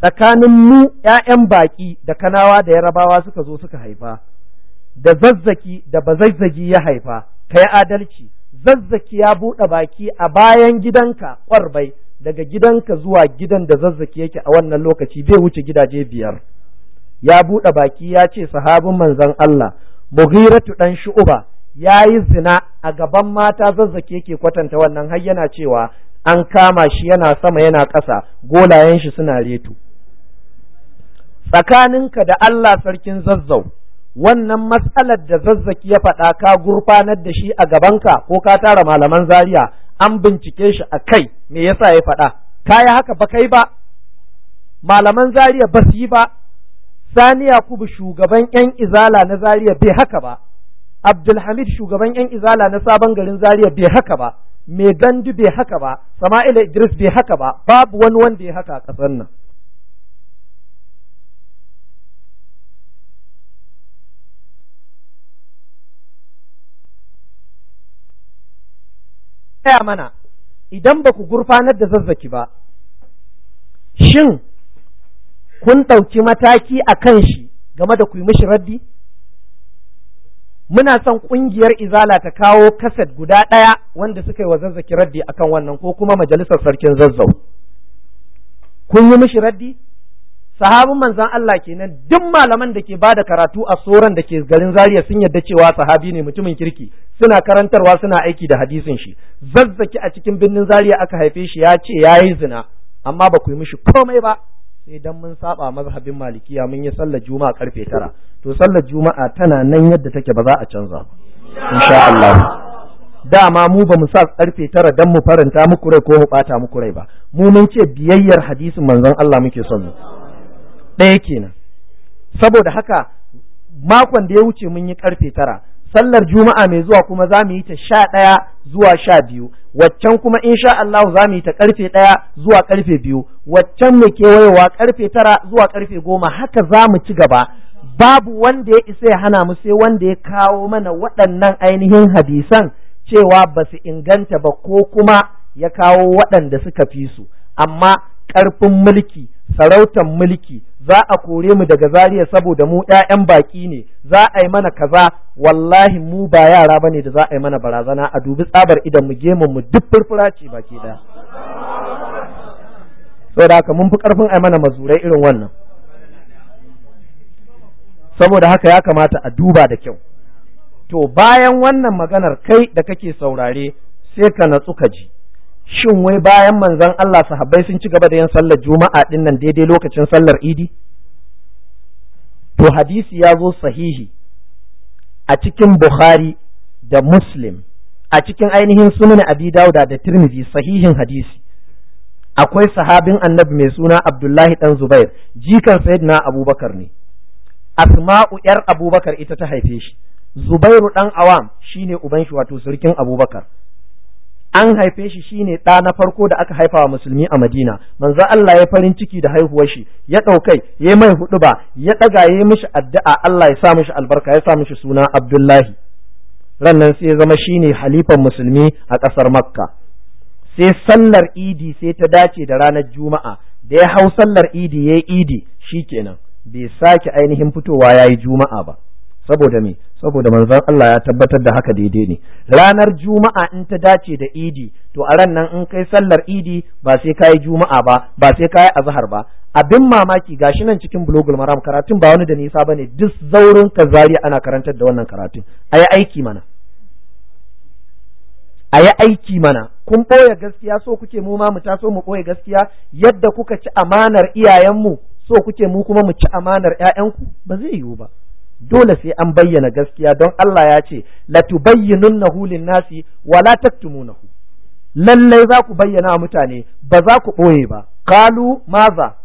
tsakanin mu ‘ya'yan baƙi da kanawa da yarabawa suka zo suka haifa da zazzaki da bazazzagi ya haifa ka yi adalci zazzaki ya buɗe baƙi a bayan gidanka ƙwarbai daga gidanka zuwa gidan da zazzaki yake a wannan lokaci bai wuce gidaje biyar ya buɗe baƙi ya ce sahabin manzon Allah Mughiratu ɗan Shu'uba ya yi zina a gaban mata zazzaki yake kwatanta wannan har yana cewa an kama shi yana sama yana ƙasa golayen shi suna reto tsakaninka da Allah sarkin zazzau wannan matsalar da zazzaki ya faɗa ka gurfanar da shi a gabanka ko ka tara malaman zariya an bincike shi a kai me yasa ya faɗa ka yi haka ba kai ba malaman zariya ba su yi ba saniya kubu shugaban yan izala na zariya bai haka ba Abdulhamid shugaban yan izala na sabon garin Zaria bai haka ba mai gandu bai haka ba Sama'ila Idris bai haka ba babu wani wanda ya haka a ƙasar nan Taya mana idan ba ku gurfanar da zazzaki ba, shin kun ɗauki mataki a kan shi game da ku yi mishi raddi? muna son ƙungiyar izala ta kawo kaset guda ɗaya wanda suka yi wa zazzaki raddi akan wannan ko kuma majalisar sarkin zazzau kun yi mishi raddi sahabin manzan Allah kenan duk malaman da ke bada karatu a soran da ke garin Zaria sun yadda cewa sahabi ne mutumin kirki suna karantarwa suna aiki da hadisin shi zazzaki a cikin birnin zariya aka haife shi ya ce ya yi zina amma ba ku yi mishi komai ba sai dan mun saba mazhabin malikiya mun yi sallar juma'a karfe tara to sallar juma'a tana nan yadda take ba za a canza ba insha Allah dama mu ba mu sa karfe tara dan mu faranta muku rai ko mu bata muku rai ba mu mun ce biyayyar hadisin manzon Allah muke son mu ɗaya kenan saboda haka makon da ya wuce mun yi karfe tara sallar juma'a mai zuwa kuma za mu yi ta sha ɗaya zuwa sha biyu waccan kuma in sha Allah za mu yi ta karfe ɗaya zuwa karfe biyu waccan mai kewayewa karfe tara zuwa karfe goma haka za mu ci gaba babu wanda ya isa ya hana mu sai wanda ya kawo mana waɗannan ainihin hadisan cewa ba su inganta ba ko kuma ya kawo waɗanda suka fi su amma ƙarfin mulki sarautan mulki za a kore mu daga zariya saboda mu yayan baki ne za a yi mana kaza wallahi mu ba yara bane da za a yi mana barazana a dubi tsabar idan mu gemun mu duk furfura ce baki da saboda haka mun fi karfin a yi mana mazurai irin wannan saboda haka ya kamata a duba da kyau to bayan wannan maganar kai da kake saurare sai ka natsu ka ji shin wai bayan manzon Allah sahabbai sun ci gaba da yin sallar juma'a din nan daidai lokacin sallar idi to hadisi ya zo sahihi a cikin bukhari da muslim a cikin ainihin sunan abi dauda da tirmidhi sahihin hadisi akwai sahabin annabi mai suna abdullahi dan zubair jikan sayyidina abubakar ne asma'u yar abubakar ita ta haife shi zubairu dan awam shine uban shi wato surkin abubakar an haife shi shine ɗa na farko da aka haifa wa musulmi a Madina manzo Allah ya farin ciki da haihuwar shi ya ɗaukai ya mai huɗuba ya ɗaga ya yi mishi addu'a Allah ya sa mishi albarka ya sa mishi suna Abdullahi rannan sai ya zama shine halifan musulmi a ƙasar Makka sai sallar Idi sai ta dace da ranar Juma'a da ya hau sallar Idi yayi Idi shikenan bai sake ainihin fitowa yayi Juma'a ba saboda me saboda manzon Allah ya tabbatar da haka daidai ne ranar juma'a in ta dace da idi to a ran nan in kai sallar idi ba sai kai juma'a ba ba sai kai azhar ba abin mamaki gashi nan cikin blogul maram karatun ba wani da nisa bane duk zaurin kazari ana karantar da wannan karatun ayi aiki mana a aiki mana kun ɓoye gaskiya so kuke mu ma mu taso mu ɓoye gaskiya yadda kuka ci amanar iyayenmu so kuke mu kuma mu ci amanar ƴaƴanku ba zai yiwu ba dole sai an bayyana gaskiya don Allah ya ce latubayyinunnahu lin-nasi wala la taktumunahu lallai za ku bayyana wa mutane ba za ku ɓoye ba kalu maza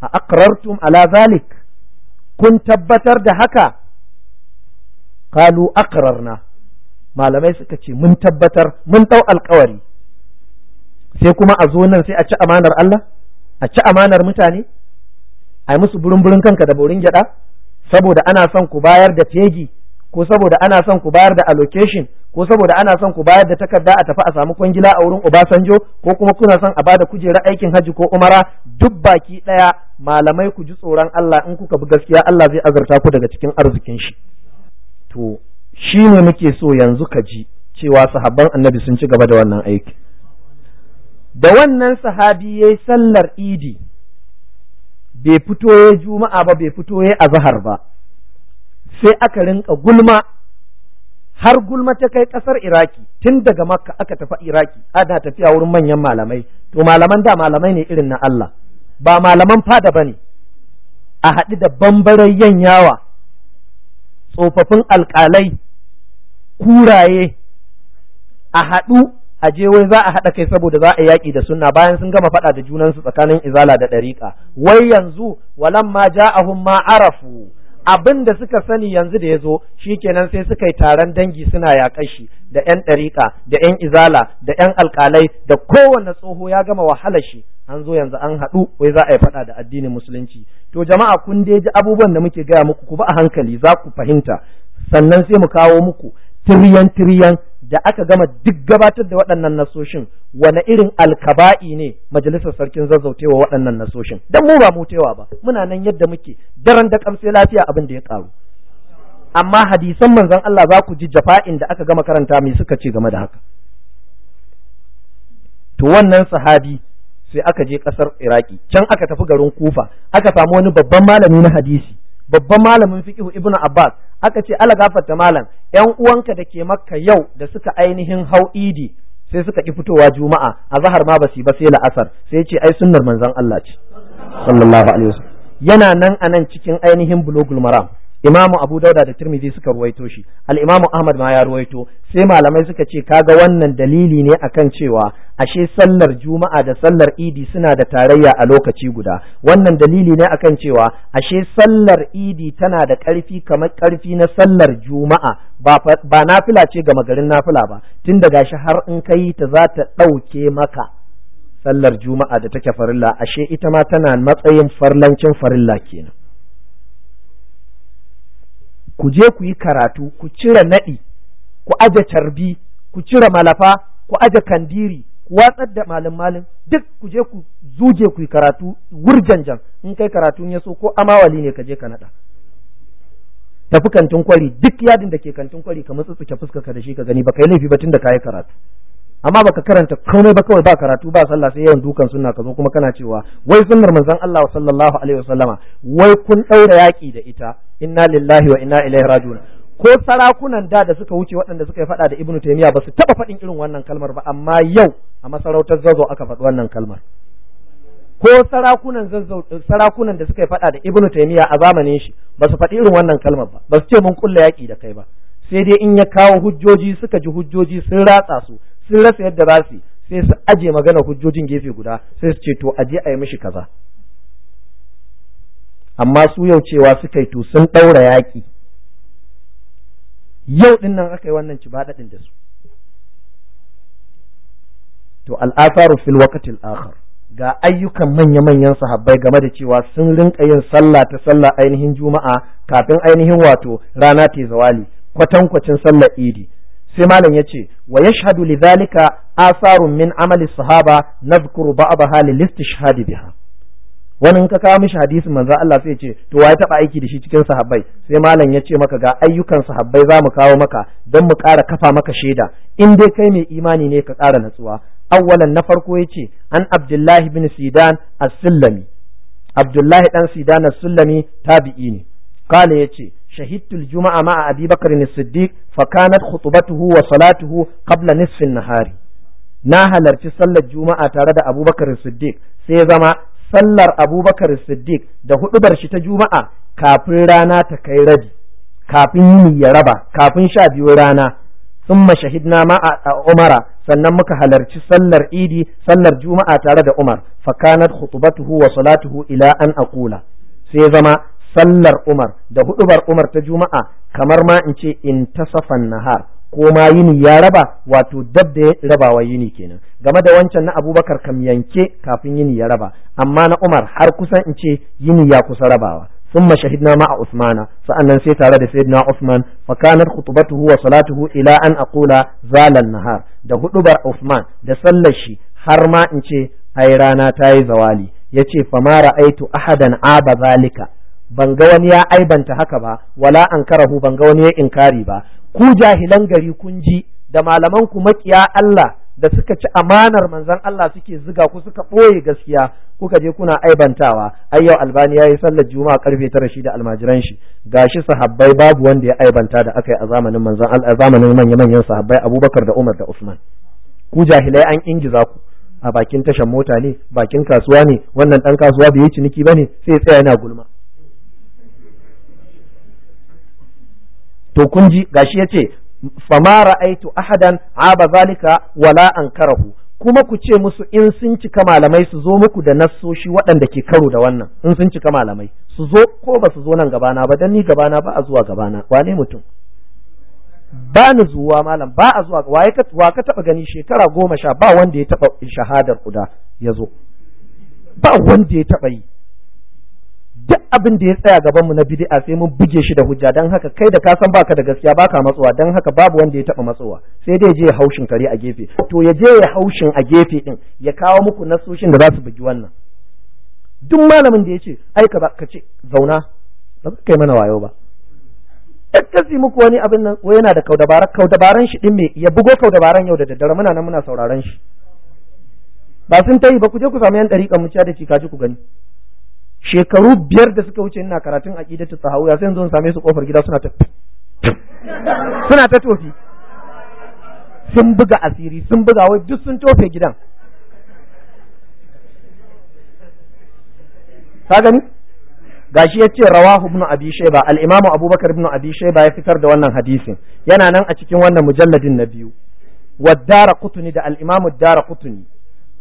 a akrartum ala zalik kun tabbatar da haka kalu akrarna malamai suka ce mun tabbatar mun ɗau alkawari sai kuma a zo nan sai a ci amanar Allah a ci amanar mutane a musu burin-burin kanka da burin gyada saboda ana son ku bayar da tegi, ko saboda ana son ku bayar da allocation ko saboda ana son ku bayar da takarda a tafi a samu kwangila a wurin Obasanjo ko kuma kuna son a bada kujerar aikin haji ko umara duk baki daya malamai ku ji tsoron Allah in kuka bi gaskiya Allah zai azurta ku daga cikin arzikin shi to shine muke so yanzu ka ji cewa sahabban annabi sun ci gaba da wannan aiki da wannan sahabi yayi sallar idi bai fito ya juma'a ba bai fito ya azahar ba sai aka rinka gulma har gulma ta kai kasar iraki tun daga makka aka tafi iraki ana tafiya wurin manyan malamai to malaman da malamai ne irin na Allah ba malaman fada ba ne a haɗu da bambarayyan yawa tsofaffin alƙalai kuraye a haɗu a je wai za a haɗa kai saboda za a yaƙi da sunna bayan sun gama faɗa da junansu tsakanin izala da ɗariƙa wai yanzu walan ma ja'ahum ma arafu abin da suka sani yanzu da ya zo shi kenan sai suka yi taron dangi suna yaƙar shi da ƴan ɗariƙa da ƴan izala da ƴan alƙalai da kowanne tsoho ya gama wahala shi an zo yanzu an haɗu wai za a yi faɗa da addinin musulunci to jama'a kun dai ji abubuwan da muke gaya muku ku ba a hankali za ku fahimta sannan sai mu kawo muku tiriyan tiriyan da aka gama duk gabatar da waɗannan nasoshin wane irin alkaba'i ne majalisar sarkin zazzautewa waɗannan nasoshin don mu ba mu tewa ba muna nan yadda muke daren da kamsai lafiya abin da ya karu amma hadisan manzon Allah za ku ji jafa'in da aka gama karanta mai suka ce game da haka to wannan sahabi sai aka je ƙasar Iraki can aka tafi garin Kufa aka samu wani babban malami na hadisi babban malamin fiqh ibnu abbas aka ce ala gafarta malam yan uwanka da ke makka yau da suka ainihin hau idi sai suka ki fitowa juma'a a zahar ma basi ba sai la'asar sai ce ai sunnar manzon Allah ce sallallahu alaihi wasallam yana nan anan cikin ainihin bulugul maram imamu abu dauda da tirmidhi suka ruwaito shi al-imamu ahmad ma ya ruwaito sai malamai suka ce kaga wannan dalili ne akan cewa ashe sallar juma'a da sallar idi suna da tarayya a lokaci guda wannan dalili ne akan cewa ashe sallar idi tana da karfi karfi na sallar juma'a ba ba nafila ce gama garin nafila ba tunda gashi har in kai ta zata ɗauke maka sallar juma'a da take farilla ashe ita ma tana matsayin farlancin farilla kenan ku je ku yi karatu ku cire naɗi ku aje carbi ku cire malafa ku aje kandiri ku watsar da malin malin duk ku je ku zuje ku yi karatu wurjanjan in kai karatun ya so ko amawali ne ka je ka naɗa tafi kantin kwari duk yadin da ke kantin kwari ka mutsutsuke fuska ka da shi ka gani ba kai laifi ba tun da yi karatu amma baka karanta komai ba kawai ba karatu ba sallah sai yawan dukan sunna ka zo kuma kana cewa wai sunnar manzon Allah sallallahu alaihi wasallama wai kun daura yaki da ita inna lillahi wa inna ilaihi rajiun ko sarakunan da da suka wuce waɗanda suka yi faɗa da Ibn Taymiyyah ba su taɓa faɗin irin wannan kalmar ba amma yau a masarautar zazo aka faɗi wannan kalmar ko sarakunan zazzau sarakunan da suka yi faɗa da Ibn Taymiyyah a zamanin shi ba su faɗi irin wannan kalmar ba ba su ce mun kulla yaki da kai ba sai dai in ya kawo hujjoji suka ji hujjoji sun ratsa su sun rasa yadda za su sai su aje magana hujjojin gefe guda sai su ce to aje a yi mishi kaza amma su yau cewa suka yi to sun ɗaura yaƙi yau ɗin nan aka yi wannan ci da su to al'afaru fil wakatil akhar ga ayyukan manya-manyan sahabbai game da cewa sun rinka yin sallah ta sallah ainihin juma'a kafin ainihin wato rana ta zawali kwatankwacin sallar idi sai malam ya ce wa yashhadu lidhalika asarun min amali sahaba nadhkuru ba'daha lil istishhad biha wani ka kawo mishi hadisi manzo Allah sai ce to ya taba aiki da shi cikin sahabbai sai malam ya ce maka ga ayyukan sahabbai za mu kawo maka don mu ƙara kafa maka shaida in dai kai mai imani ne ka ƙara natsuwa awwalan na farko ya ce an abdullahi bin sidan as-sullami abdullahi dan sidan as-sullami tabi'i ne kale ya ce شهدت الجمعة مع أبي بكر الصديق فكانت خطبته وصلاته قبل نصف النهار ناهلر في صلى الجمعة تارد أبو بكر الصديق سيزما صلى أبو بكر الصديق ده هدبر شتا جمعة كافر رانا تكيرد كافر يني يربا كافر شابي رانا ثم شهدنا مع عمر sannan muka halarci sallar idi sallar juma'a tare da Umar fa kanat khutbatuhu wa salatuhu ila an aqula sai zama sallar Umar da hudubar Umar ta Juma'a kamar ma in ce in tasafan nahar ko ma yini ya raba wato dab da ya rabawa yini kenan game da wancan na Abubakar kam yanke kafin yini ya raba amma na Umar har kusan in ce yini ya kusa rabawa ثم شهدنا مع عثمان فأنا نسيت على سيدنا عثمان فكانت خطبته وصلاته إلى أن أقول زال النهار ده هدبر عثمان ده سلشي هرما إنشي أيرانا تاي زوالي يتي فما رأيت أحدا عاب ذلك ban ga wani ya aibanta haka ba wala an karahu ban ga wani ya inkari ba ku jahilan gari kun ji da malaman ku makiya Allah da suka ci amanar manzon Allah suke ziga ku suka ɓoye gaskiya kuka je kuna aibantawa ai yau albani yayi sallar juma'a karfe tara shi da almajiran shi gashi sahabbai babu wanda ya aibanta da aka yi a zamanin manzon Allah zamanin manyan sahabbai Abubakar da Umar da Usman ku jahilai an ingiza ku a bakin tashan mota ne bakin kasuwa ne wannan dan kasuwa bai yi ciniki bane sai tsaya yana gulma to kun ji gashi yace ma ra'aitu ahadan aba zalika wala ankarahu kuma ku ce musu in sun cika malamai su zo muku da nassoshi waɗanda ke karo da wannan in sun cika malamai su zo ko ba su zo nan gabana ba dan ni gabana ba a zuwa gabana wane mutum ba ni zuwa malam ba a zuwa waye ka wa ka taba gani shekara goma sha ba wanda ya taba shahadar kuda ya zo ba wanda ya taba yi duk abin da ya tsaya gabanmu na bid'a sai mun buge shi da hujja don haka kai da ka san baka da gaskiya baka matsuwa don haka babu wanda ya taba matsuwa sai dai je haushin kare a gefe to ya je ya haushin a gefe din ya kawo muku nasoshin da za su bugi wannan duk malamin da ya ce ai ka ka ce zauna ba za kai mana wayo ba Duk kasi muku wani abin nan wai yana da kau dabaran shi din me ya bugo dabaran yau da daddare muna nan muna sauraron shi ba sun tayi ba ku je ku samu yan dariƙa ci da kaji ku gani shekaru biyar da suka wuce ina karatun aqidatu tahawiyya sai yanzu in same su kofar gida suna ta suna ta tofi sun buga asiri sun buga wai duk sun tofe gidan ka gani gashi ya ce rawahu ibn abi shayba al abubakar ibn abi shayba ya fitar da wannan hadisin yana nan a cikin wannan mujalladin na biyu wa dara kutuni da al-imamu dara kutuni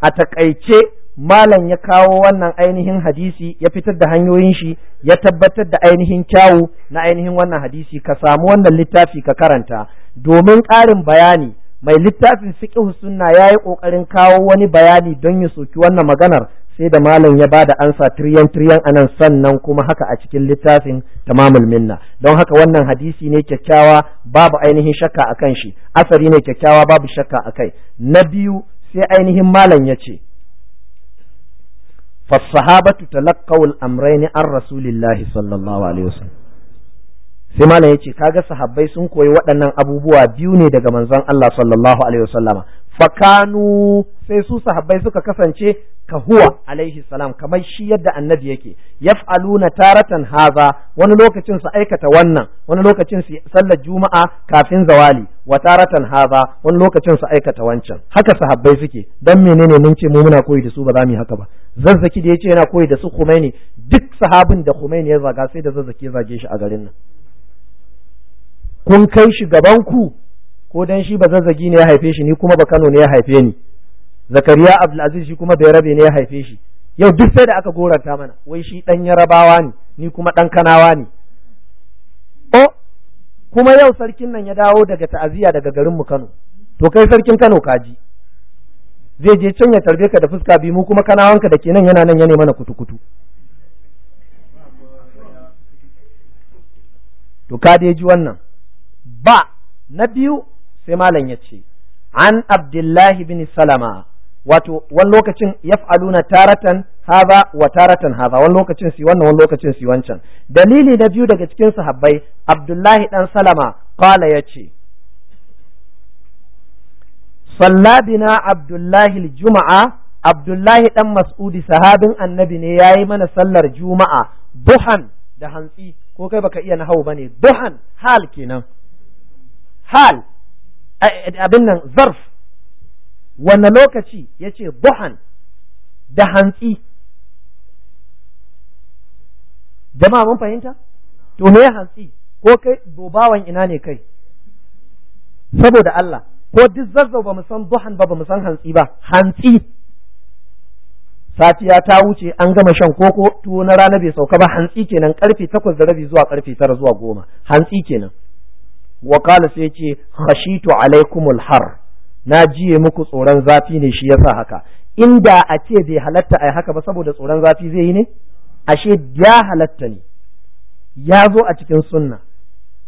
a takaice malam ya kawo wannan ainihin hadisi ya fitar da hanyoyin shi ya tabbatar da ainihin kyawu na ainihin wannan hadisi ka samu wannan littafi ka karanta domin ƙarin bayani mai littafin fiqh sunna yi ƙoƙarin kawo wani bayani don ya soki wannan maganar sai da malam ya bada ansa tiriyan tiriyan anan sannan kuma haka a cikin littafin tamamul minna don haka wannan hadisi ne kyakkyawa babu ainihin shakka akan shi asari ne kyakkyawa babu shakka akai na biyu sai ainihin malam ya ce الأمرين عن رسول an rasulillahi sallallahu عليه وسلم sai malam ka kaga sahabbai sun koyi waɗannan abubuwa biyu ne daga manzon Allah sallallahu alaihi wasallama fakanu sai su sahabbai suka kasance kahuwa huwa alaihi salam kamar shi yadda annabi yake yaf'aluna taratan haza wani lokacin su aikata wannan wani lokacin su sallar juma'a kafin zawali wa taratan haza wani lokacin su aikata wancan haka sahabbai suke dan menene mun ce mu muna koyi da su ba za mu yi haka ba zazzaki da yace yana koyi da su khumaini duk sahabin da khumaini ya zaga sai da zazzaki ya zage shi a garin nan kun kai shi gaban ku ko dan shi ba zazzagi ne ya haife shi ni kuma ba Kano ne ya haife ni zakariya abdulaziz shi kuma bai rabe ne ya haife shi yau duk sai da aka goranta mana wai shi dan yarabawa ne ni kuma dan kanawa ne o kuma yau sarkin nan ya dawo daga ta'aziyya daga garin mu Kano to kai sarkin Kano kaji zai je can ya tarbe ka da fuska bi mu kuma kanawanka da kenan yana nan ya ne mana kutu to ka dai ji wannan ba na biyu sai malam ya ce an abdullahi bin salama wato wani lokacin ya yaf'aluna taratan haza wa taratan haza wani lokacin si wannan wani lokacin si wancan dalili na biyu daga cikin sahabbai abdullahi dan salama ya ce. sallabina abdullahi Juma'a abdullahi dan mas'udi sahabin annabi ne Ya yi mana sallar juma'a duhan da hantsi ko kai baka iya nahau ne. duhan hal kenan hal eh, eh, abin nan zarf wane lokaci ya ce buhan da hantsi jama'a mun fahimta to me hantsi ko kai bobawan ina ne kai saboda Allah ko duk zazzau ba mu san ba ba mu san hantsi ba hantsi safiya ta wuce an gama shan koko tuwo na rana bai sauka ba hantsi kenan karfe takwas da rabi zuwa karfe tara zuwa goma hantsi kenan wa sai ce khashitu alaikumul har na jiye muku tsoron zafi ne shi yasa haka inda a ce bai halatta ai haka ba saboda tsoron zafi zai yi ne ashe ya halatta ne ya zo a cikin sunna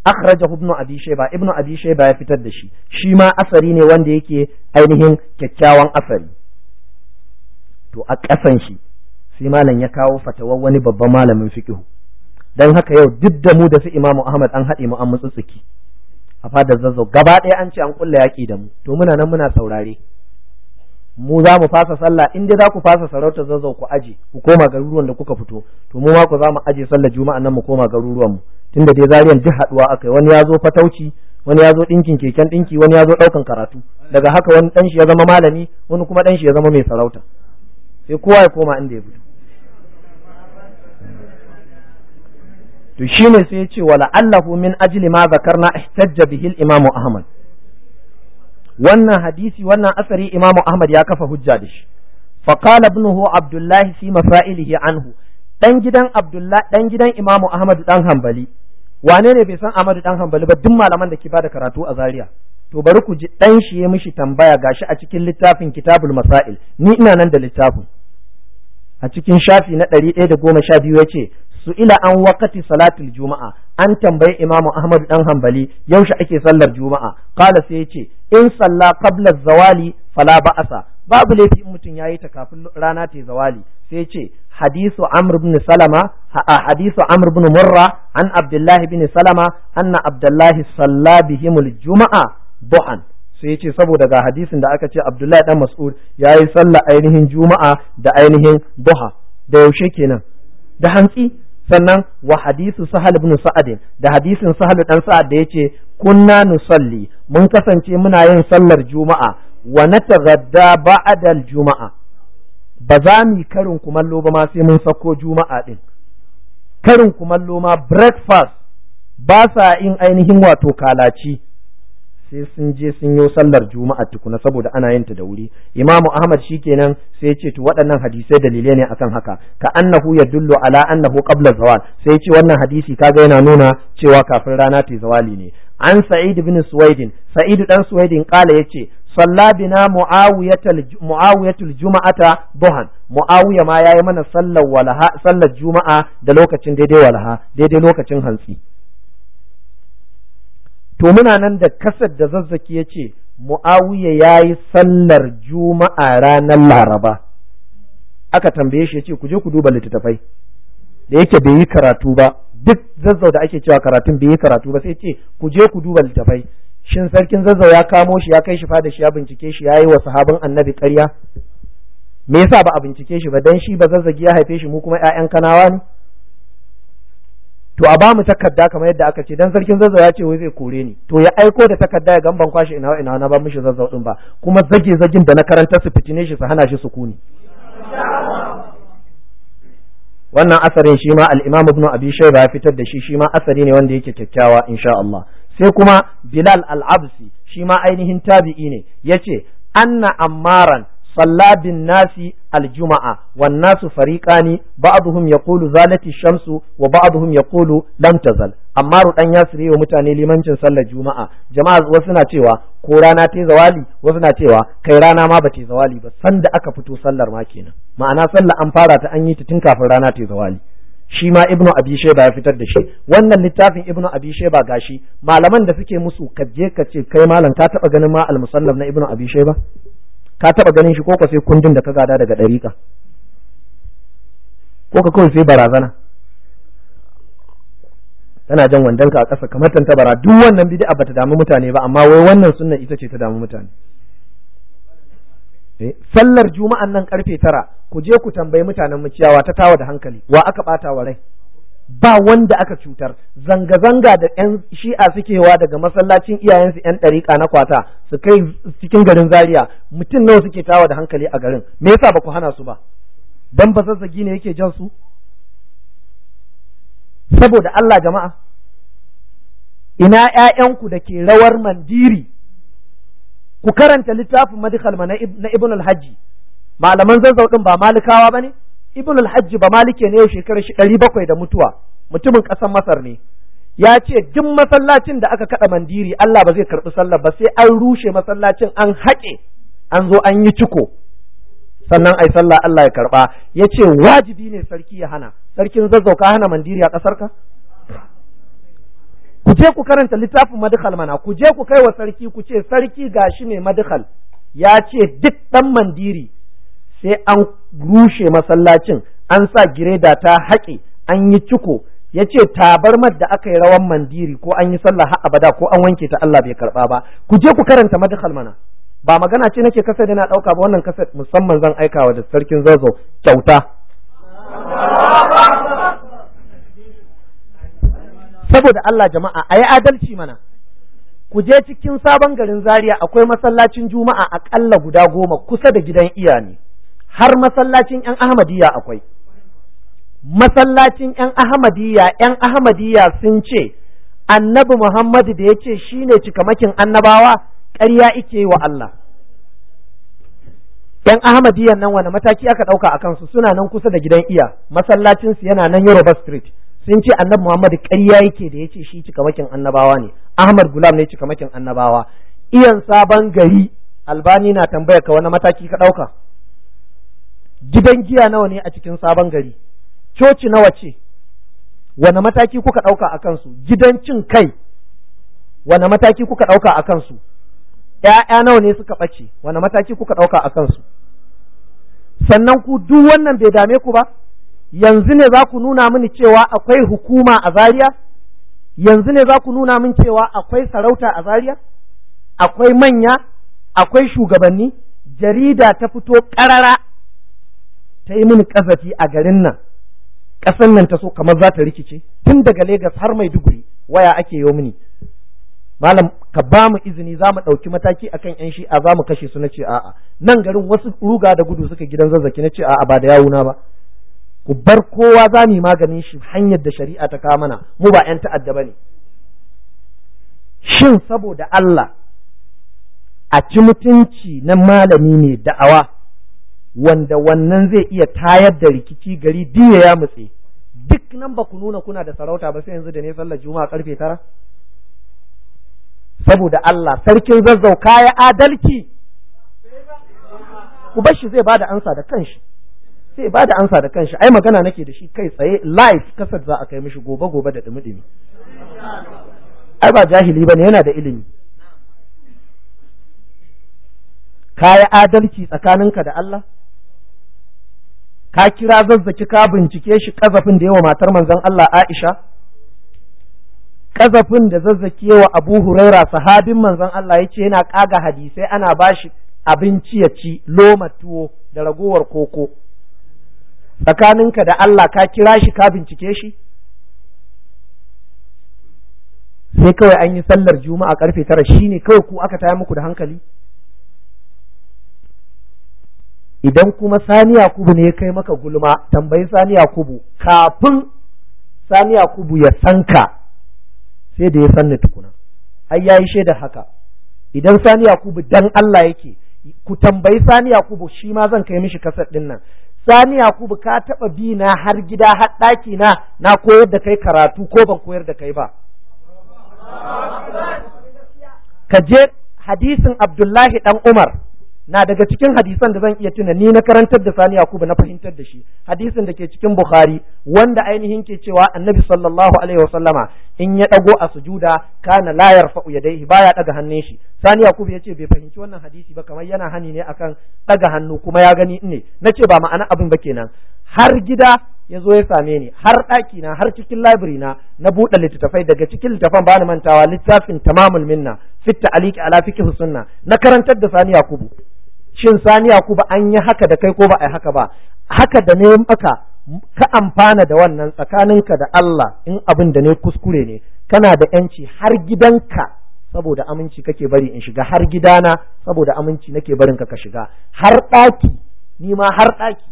akhrajahu ibnu abi shayba ibnu abi shayba ya fitar da shi shi ma asari ne wanda yake ainihin kyakkyawan asari to a kasan shi sai malam ya kawo fatawar wani babban malamin fiqh dan haka yau duk da mu da su imamu ahmad an haɗe mu an mutsutsuki a fadar zazzau gaba ɗaya an ce an kulla yaƙi da mu to muna nan muna saurare mu za mu fasa sallah in dai za ku fasa sarautar zazzau ku aje ku koma garuruwan da kuka fito to mu ma ku za mu aje sallar juma'a nan mu koma garuruwan mu tunda dai zariyan duk haduwa akai wani ya zo fatauci wani ya zo ɗinkin keken ɗinki wani ya zo ɗaukan karatu daga haka wani ɗan shi ya zama malami wani kuma ɗan shi ya zama mai sarauta sai kowa ya koma inda ya fito to shine sai ya ce wala allahu min ajli ma zakarna ihtajja bihi al-imam ahmad wannan hadisi wannan asari imamu ahmad ya kafa hujja da shi fa qala ibnuhu abdullahi fi masailihi anhu dan gidan abdullah dan gidan imamu ahmad dan hanbali wane ne bai san ahmad dan hanbali ba duk malaman da ke bada karatu a zaria to bari ku ji dan shi ya mishi tambaya gashi a cikin littafin kitabul masail ni ina nan da littafin a cikin shafi na ɗari ɗaya da goma sha biyu ya ce ila an wakati salatul juma'a an tambayi imamu ahmad dan hanbali yaushe ake sallar juma'a kala sai yace in salla qabla zawali fala ba'asa babu laifi in mutum yayi ta kafin rana ta zawali sai yace hadisu amr ibn salama hadisu amr ibn murra an abdullah ibn salama anna abdullah salla bihimul juma'a duhan sai yace saboda ga hadisin da aka ce abdullah dan mas'ud yayi sallar ainihin juma'a da ainihin duha da yaushe kenan da hantsi sannan wa hadisu sahal ibn sa'ad da hadisin sahal dan sa'ad da yace kunna nusalli mun kasance muna yin sallar juma'a wa natagadda ba'da al-juma'a ba za mu karin kumallo ba ma sai mun sako juma'a din karin kumallo ma breakfast ba sa in ainihin wato kalaci sai sun je sun yo sallar juma'a tukuna saboda ana yin ta da wuri imamu ahmad shikenan sai ya ce to waɗannan hadisai dalilai ne akan haka ka annahu yadullu ala annahu qabla zawal sai ya ce wannan hadisi kaga yana nuna cewa kafin rana ta zawali ne an sa'id ibn suwaidin sa'id dan suwaidin kala yace salla bina mu'awiyatul juma'ata duhan mu'awiya ma yayi mana sallar walaha sallar juma'a da lokacin daidai walaha daidai lokacin hantsi to muna nan da kasar da zazzaki ya ce mu'awiya ya yi sallar juma'a ranar laraba aka tambaye shi ya ce ku je ku duba littattafai da yake bai yi karatu ba duk zazzau da ake cewa karatun bai yi karatu ba sai ce ku je ku duba littattafai shin sarkin zazzau ya kamo shi ya kai shi fada shi ya bincike shi ya yi wa sahabin annabi ƙarya me yasa ba a bincike shi ba dan shi ba zazzagi ya haife shi mu kuma ƴaƴan kanawa ne to a ba mu takarda kamar yadda aka ce dan sarkin zazzau ya ce wai zai kore ni to ya aiko da takarda ya gamban ban kwashe ina ina na ba mishi zazzau din ba kuma zage zagin da na karanta su fitine shi su hana shi su sukuni wannan asarin shi ma al-Imam Ibn Abi Shayba ya fitar da shi shi ma asari ne wanda yake kyakkyawa insha Allah sai kuma Bilal al-Absi shi ma ainihin tabi'i ne yace anna ammaran صلى بالناس الجمعة والناس فريقان بعضهم يقول زالت الشمس وبعضهم يقول لم تزل amma ruɗan ya sire wa mutane limancin sallar juma'a jama'a wasu na cewa ko rana ta zawali wasu na cewa kai rana ma ba ta zawali ba sanda aka fito sallar ma kenan ma'ana sallar an fara ta an yi ta tun kafin rana ta zawali shi ma ibnu abi ya fitar da shi wannan littafin ibnu abi gashi malaman da suke musu ka je ka ce kai malam ka taɓa ganin ma al na ibnu abi ka taba ganin shi ko ka sai kundin da ka gada daga ɗariƙa ko ka kawai sai barazana tana jan wandonka a ƙasa kamar ta bara duk wannan bidi'a bata damu mutane ba amma wai wannan sunnan ita ce ta damu mutane eh, sallar juma'an nan karfe tara ku je ku tambayi mutanen mu ta tawa da hankali wa aka ɓata wa rai ba wanda aka cutar zanga-zanga da 'yan shi'a suke wa daga masallacin iyayensu 'yan ɗariƙa na kwata su kai cikin garin zaria mutum nawa suke tawa da hankali a garin me yasa ba ku hana su ba dan ba zazzagi ne yake jan su saboda Allah jama'a ina ƴaƴanku da ke rawar mandiri ku karanta littafin madkhal na ibn al-hajji malaman zazzau din ba malikawa bane ibn al-hajj ba malike ne shekarar shi ɗari bakwai da mutuwa mutumin ƙasar masar ne ya ce duk masallacin da aka kaɗa mandiri Allah ba zai karɓi Sallah ba sai an rushe masallacin an haƙe an zo an yi ciko sannan ai sallah Allah ya karɓa ya ce wajibi ne sarki ya hana sarkin ka hana mandiri a ƙasar ka ku je ku karanta littafin madukal mana ku je ku kai wa sarki ku ce sarki gashi ne madukal. ya ce duk ɗan mandiri sai an rushe masallacin an sa gireda ta haƙe an yi ciko ya ce tabarmar da aka yi rawan mandiri ko an yi sallah har abada ko an wanke ta Allah bai karɓa ba ku je ku karanta madakal mana ba magana ce nake kasar da na ɗauka ba wannan kasa musamman zan aikawa da sarkin zazzau kyauta saboda Allah jama'a a yi adalci mana ku je cikin sabon garin zaria akwai masallacin juma'a aƙalla guda goma kusa da gidan iyani har masallacin ‘yan Ahmadiyya akwai. Masallacin ‘yan Ahmadiyya, ‘yan Ahmadiyya sun ce, annabi Muhammadu da ya ce shi ne cikamakin annabawa, ƙarya ike wa Allah. ‘Yan Ahmadiyyan nan wani mataki aka ɗauka a kansu suna nan kusa da gidan iya, masallacinsu yana nan Yoruba Street. Sun ce annabi Muhammadu ƙarya yake da ya ce shi cikamakin annabawa ne, Ahmad Gulam ne cikamakin annabawa. Iyan sabon gari, Albani na tambaya ka wani mataki ka ɗauka. gidan giya nawa ne a cikin sabon gari coci nawa ce wane mataki kuka ɗauka a kansu gidan cin kai wane mataki kuka ɗauka a kansu ‘ya'ya nawa ne suka ɓace wane mataki kuka ɗauka a kansu sannan ku duk wannan bai dame ku ba yanzu ne za ku nuna mini cewa akwai hukuma a Zariya? yanzu ne za ku nuna min cewa akwai sarauta a Zariya? akwai manya akwai shugabanni jarida ta fito ƙarara ta yi mini kasafi a garin nan ƙasar nan ta so kamar za ta rikice tun daga Legas har mai Maiduguri waya ake yo mini malam ka ba mu izini za mu ɗauki mataki akan yan shi'a za mu kashe su na ce a'a nan garin wasu ruga da gudu suka gidan zazzaki na ce a'a ba da yawuna ba ku bar kowa za mu yi maganin shi hanyar da shari'a ta kawo mana mu ba yan ta'adda ba ne. shin saboda Allah a ci mutunci na malami ne da'awa wanda wannan zai iya tayar da rikici gari diya ya mutse duk nan ba ku nuna kuna da sarauta ba sai yanzu da ne sallar juma'a karfe tara saboda Allah sarkin zazzau kaya adalci ku bar shi zai bada ansa da kanshi sai da ansa da kanshi ai magana nake da shi kai tsaye life kasar za a kai mishi gobe gobe da dumi-dumi ai ba jahili bane yana da ilimi kaya adalci tsakaninka da Allah ka kira zazzaki ka bincike shi kazafin da yawa matar manzon Allah Aisha kazafin da zazzaki yawa Abu Huraira sahabin manzon Allah yace yana kaga hadisai ana bashi abinci ya ci loma tuwo da ragowar koko tsakaninka da Allah ka kira shi ka bincike shi sai kawai an yi sallar juma'a karfe tara shine kawai ku aka taya muku da hankali idan kuma sani yakubu ne ya kai maka gulma tambayi sani yakubu kafin sani yakubu ya san ka sai da ya san ni tukuna ai yayi shaida haka idan sani yakubu dan Allah yake ku tambayi sani yakubu shi ma zan kai mishi kasar din nan sani yakubu ka taba bi na har gida har ɗakina na na koyar da kai karatu ko ban koyar da kai ba ka je hadisin abdullahi dan umar na daga cikin hadisan da zan iya tuna ni na karantar da Sani Yakubu na fahimtar da shi hadisin da ke cikin Bukhari wanda ainihin ke cewa Annabi sallallahu alaihi wasallama in ya dago a sujuda kana la dai yadayhi baya daga hannun shi Sani Yakubu ce bai fahimci wannan hadisi ba kamar yana hani ne akan daga hannu kuma ya gani ne nace ba ma'ana abin ba kenan har gida ya zo ya same ni har ɗaki na har cikin library na na buɗe littattafai daga cikin littattafan ba ni mantawa littafin tamamul minna fitta aliki ala fiqh sunna na karantar da Sani Yakubu shin Saniya ku ba an yi haka da kai ko ba a yi haka ba haka da ne maka ka amfana da wannan tsakaninka da Allah in abin da ne kuskure ne kana da yanci har gidanka saboda aminci kake bari in shiga har gidana saboda aminci nake barin ka ka shiga har ɗaki ni ma har ɗaki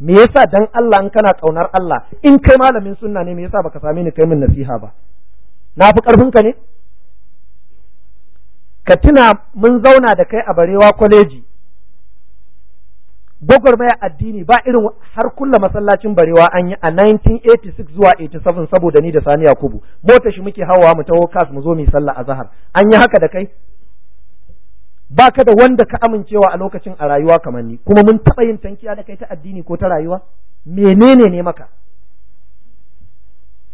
me yasa dan Allah in kana ƙaunar Allah in kai malamin sunna ne me yasa baka same ni kai min nasiha ba na fi ƙarfin ka ne ka tuna mun zauna da kai a barewa kwaleji gwagwarmaya addini ba irin har kulla masallacin barewa an yi a 1986 zuwa 87 saboda ni da Sani Yakubu mota shi muke hawa mu taho kas mu zo mu sallah a an yi haka da kai ba ka da wanda ka amincewa a lokacin a rayuwa kamar ni kuma mun taɓa yin tankiya da kai ta addini ko ta rayuwa menene ne maka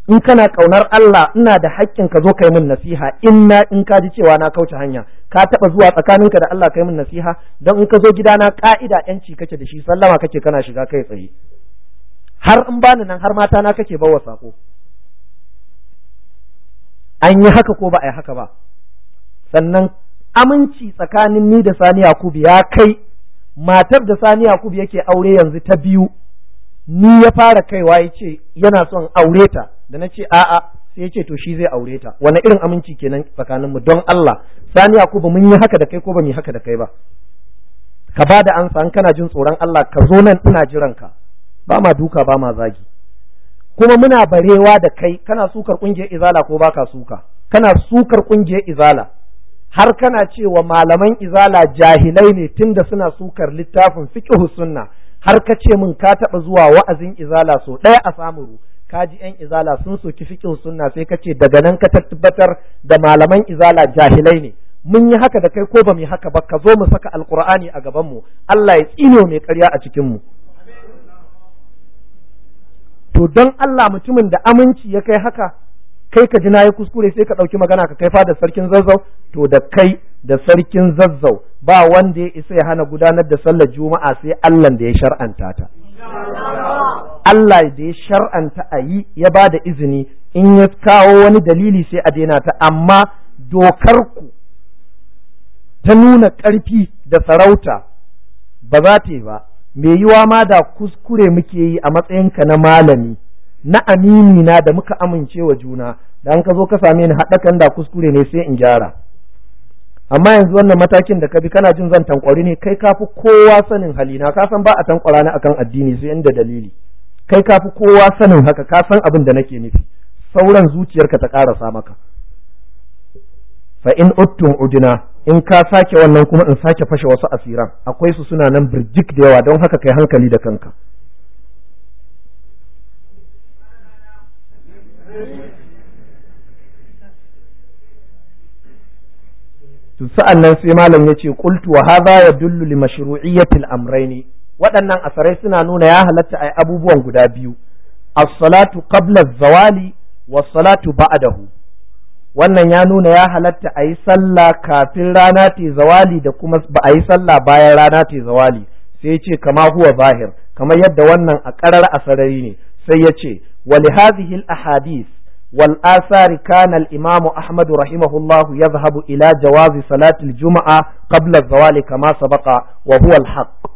in kana kaunar Allah ina da hakkin ka zo kai min nasiha in na in ka ji cewa na kauce hanya ka taɓa zuwa tsakaninka da Allah kai min nasiha don in ka zo gidana ka'ida yanci kake da shi sallama kake kana shiga kai tsaye har in bani nan har mata na kake bawa sako an yi haka ko ba a yi haka ba sannan aminci tsakanin ni da Sani Yakubu ya kai matar da Sani Yakubu yake aure yanzu ta biyu ni ya fara kaiwa ya ce yana son aure ta da na ce a'a sai ya ce to shi zai aure ta wani irin aminci kenan tsakanin mu don Allah sani ba mun yi haka da kai ko ba mu yi haka da kai ba ka ba da ansa an kana jin tsoron Allah ka zo nan ina jiran ka ba ma duka ba ma zagi kuma muna barewa da kai kana sukar kungiyar izala ko baka suka kana sukar kungiyar izala har kana cewa malaman izala jahilai ne tunda suna sukar littafin fiqh sunna har ka ce min ka taɓa zuwa wa'azin izala so ɗaya a samuru kaji yan izala sun soki fiqh sunna sai kace daga nan ka tabbatar da malaman izala jahilai ne mun yi haka da kai ko ba mu yi haka ba ka zo mu saka alqur'ani a gaban mu Allah ya tsino mai ƙarya a cikin mu to don Allah mutumin da aminci ya kai haka kai ka ji na yi kuskure sai ka ɗauki magana ka kai fada sarkin zazzau to da kai da sarkin zazzau ba wanda ya isa ya hana gudanar da sallar juma'a sai Allah da ya shar'anta ta Allah da ya shar'anta a yi ya ba da izini in ya kawo wani dalili sai a daina ta amma dokar ku ta nuna ƙarfi da sarauta ba za ta yi ba mai yiwa ma da kuskure muke yi a matsayinka na malami na amini na da muka amince wa juna da an ka zo ka same ni haɗakan da kuskure ne sai in gyara amma yanzu wannan matakin da ka bi kana jin zan tankwari ne kai kafi kowa sanin halina ka san ba a tankwara ni akan addini sai inda dalili kai ka fi kowa sanin haka ka san abin da nake nufi sauran zuciyarka ta ƙarasa maka fa in uttum udina in ka sake wannan kuma in sake fashe wasu asiran akwai su suna nan birjik da yawa don haka kai hankali da kanka sa'an nan sai malam ya ce, Kultu wa haza ya dullu li mashru'iyyatil amraini waɗannan asarai suna nuna ya halatta a abubuwan guda biyu as-salatu qabla zawali wa salatu ba'dahu wannan ya nuna ya halatta a yi sallah kafin rana ta zawali da kuma ba a yi sallah bayan rana ta zawali sai ya ce kama huwa zahir kamar yadda wannan a karar asarari ne sai ya ce wali hadhihi ahadith wal asari kana al imam ahmad rahimahullahu yadhhabu ila jawazi salati al jumu'a qabla zawali kama sabaqa wa huwa al haqq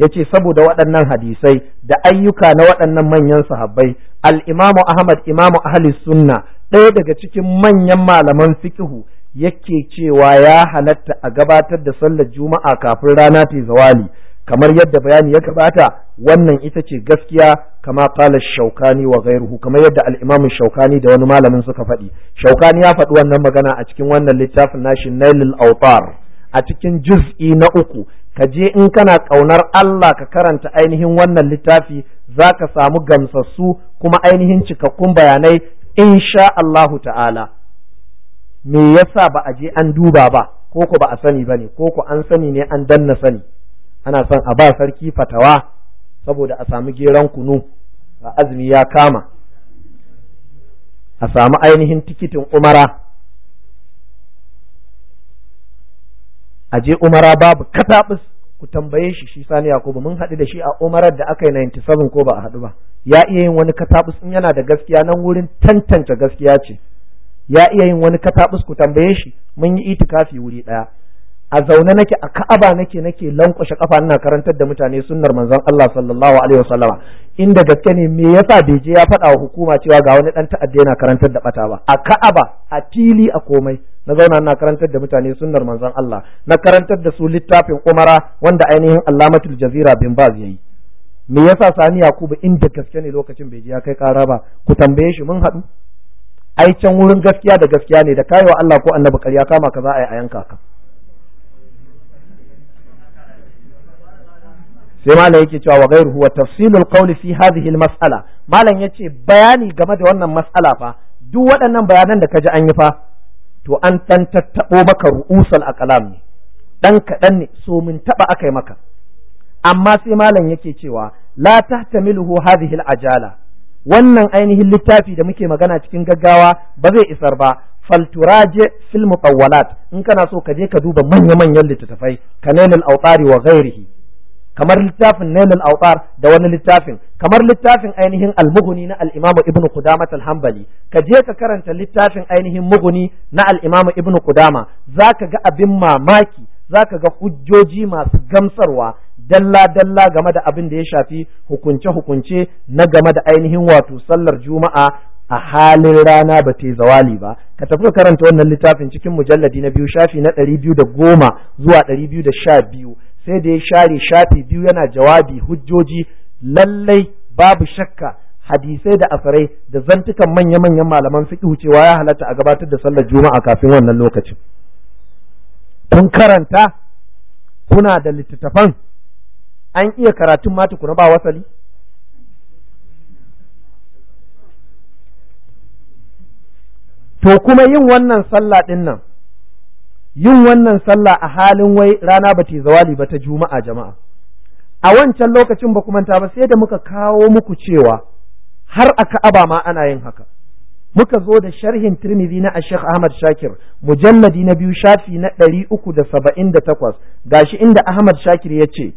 ya ce saboda waɗannan hadisai da ayyuka na waɗannan manyan sahabbai al'imamu ahmad imamu ahli sunna ɗaya daga cikin manyan malaman fikihu yake cewa ya halatta a gabatar da sallar juma'a kafin rana ta zawali kamar yadda bayani ya gabata wannan ita ce gaskiya kama kala shaukani wa gairuhu kamar yadda al'imamin shaukani da wani malamin suka faɗi shaukani ya faɗi wannan magana a cikin wannan littafin nashi nailul autar a cikin juz'i na uku ka je in kana ƙaunar Allah ka karanta ainihin wannan littafi za ka samu gamsassu kuma ainihin cikakkun bayanai in sha Allahu ta'ala me yasa ba a je an duba ba ko ku ba a sani ba ne ko ku an sani ne an danna sani ana son a ba sarki fatawa saboda a samu geran kunu a azumi ya kama a samu ainihin tikitin umara a je umara babu katabus ku tambaye shi shi sani yakubu mun haɗu da shi a umarar da aka yi 97 ko ba a haɗu ba ya iya yin wani katabus in yana da gaskiya nan wurin tantance gaskiya ce ya iya yin wani katabus ku tambaye shi mun yi itikafi wuri ɗaya a zaune nake a ka'aba nake nake lankwashe kafa ina karantar da mutane sunnar manzon Allah sallallahu alaihi wasallama inda gaske ne me yasa bai je ya faɗa wa hukuma cewa ga wani dan ta'adda yana karantar da bata ba a ka'aba a fili a komai na zauna ina karantar da mutane sunnar manzon Allah na karantar da su littafin Umara wanda ainihin Allamatul Jazira bin Baz yayi me yasa Sani Yakubu inda gaske ne lokacin bai je ya kai kara ba ku tambaye shi mun haɗu ai can wurin gaskiya da gaskiya ne da kayo Allah ko annabi ƙarya kama ka za a yi a yanka sai malam yake cewa wa ghairuhu wa tafsilul qawli fi hadhihi al-mas'ala malam yace bayani game da wannan mas'ala fa duk waɗannan bayanan da kaji an yi fa to an dan tattabo maka ru'usul aqlam ne dan kaɗan ne so min taba akai maka amma sai malam yake cewa la tahtamiluhu hadhihi al-ajala wannan ainihin littafi da muke magana cikin gaggawa ba zai isar ba falturaje fil mutawwalat in kana so ka je ka duba manya-manyan littattafai kananil autari wa ghairihi kamar littafin nailul awtar da wani littafin kamar littafin ainihin al-mughni na al-imam ibnu qudama al-hanbali ka je ka karanta littafin ainihin mughni na al-imam ibnu qudama zaka ga abin mamaki zaka ga hujjoji masu gamsarwa dalla dalla game da abin da ya shafi hukunce hukunce na game da ainihin wato sallar juma'a a halin rana ba ta zawali ba ka tafi ka karanta wannan littafin cikin mujalladi na biyu shafi na ɗari biyu da goma zuwa ɗari biyu da sha biyu sai da ya share shafi biyu yana jawabi hujjoji lallai babu shakka hadisai da asarai da zantukan manya-manyan malaman fiqh cewa ya halatta a gabatar da sallar juma'a kafin wannan lokacin kun karanta kuna da littattafan an iya karatun ma kuna ba wasali to kuma yin wannan sallah ɗin nan yin wannan sallah a halin wai rana ba zawali ba ta juma'a jama'a a wancan lokacin ba manta ba sai da muka kawo muku cewa har a ka'aba ma ana yin haka muka zo da sharhin tirmidhi na ashek ahmad shakir mujalladi na biyu shafi na ɗari uku da saba'in da takwas gashi inda ahmad shakir ya ce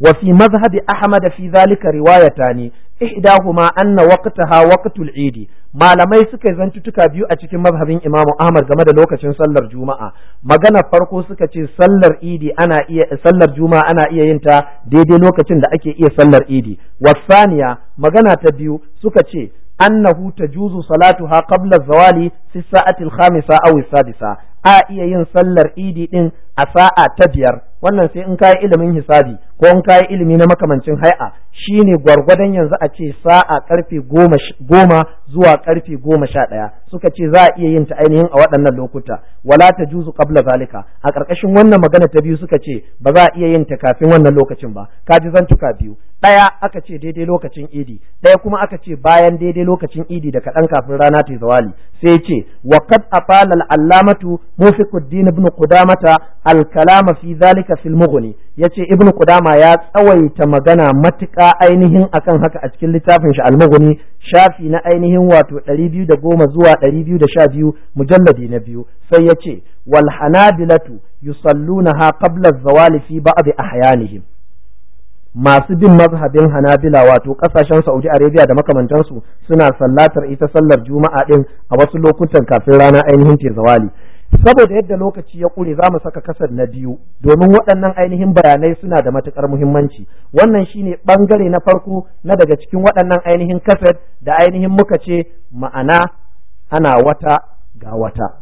wa fi mazhabi ahmad fi zalika riwayatani ihdahuma anna waqtaha waqtul eid malamai suka yi zantutuka biyu a cikin mazhabin imamu ahmad game da lokacin sallar juma'a magana farko suka ce sallar idi ana iya sallar juma'a ana iya yin ta daidai lokacin da ake iya sallar idi wasaniya magana ta biyu suka ce annahu tajuzu salatuha qabla zawali fi sa'ati al-khamisa aw a iya yin sallar idi din a sa'a ta biyar wannan sai in kai ilimin hisabi ko in kayi ilimi na makamancin hai'a shine gwargwadon yanzu a ce sa'a karfe goma zuwa karfe goma sha ɗaya suka ce za a iya yin ta ainihin a waɗannan lokuta wala ta juzu qabla zalika a ƙarƙashin wannan magana ta biyu suka ce ba za a iya yin ta kafin wannan lokacin ba ka ji zantuka biyu ɗaya aka ce daidai lokacin idi ɗaya kuma aka ce bayan daidai lokacin idi da kaɗan kafin rana ta zawali sai ce wa qad afala al-allamatu mufiquddin ibn qudamata al-kalama fi zalika fil mughni yace ibnu kudama ya tsawaita magana matuƙa ainihin akan haka a cikin littafin shi almaguni shafi na ainihin wato 210 zuwa 212 mujalladi na biyu sai yace wal hanabilatu yusallunaha qabla az-zawali fi ba'd ahyanihim masu bin mazhabin hanabila wato kasashen saudi arabia da makamantansu suna sallatar ita sallar juma'a din a wasu lokutan kafin rana ainihin ce zawali saboda yadda lokaci ya ƙure za mu saka kasar na biyu domin waɗannan ainihin bayanai suna da matuƙar muhimmanci wannan shine ɓangare na farko na daga cikin waɗannan ainihin kasar da ainihin muka ce ma'ana ana wata ga wata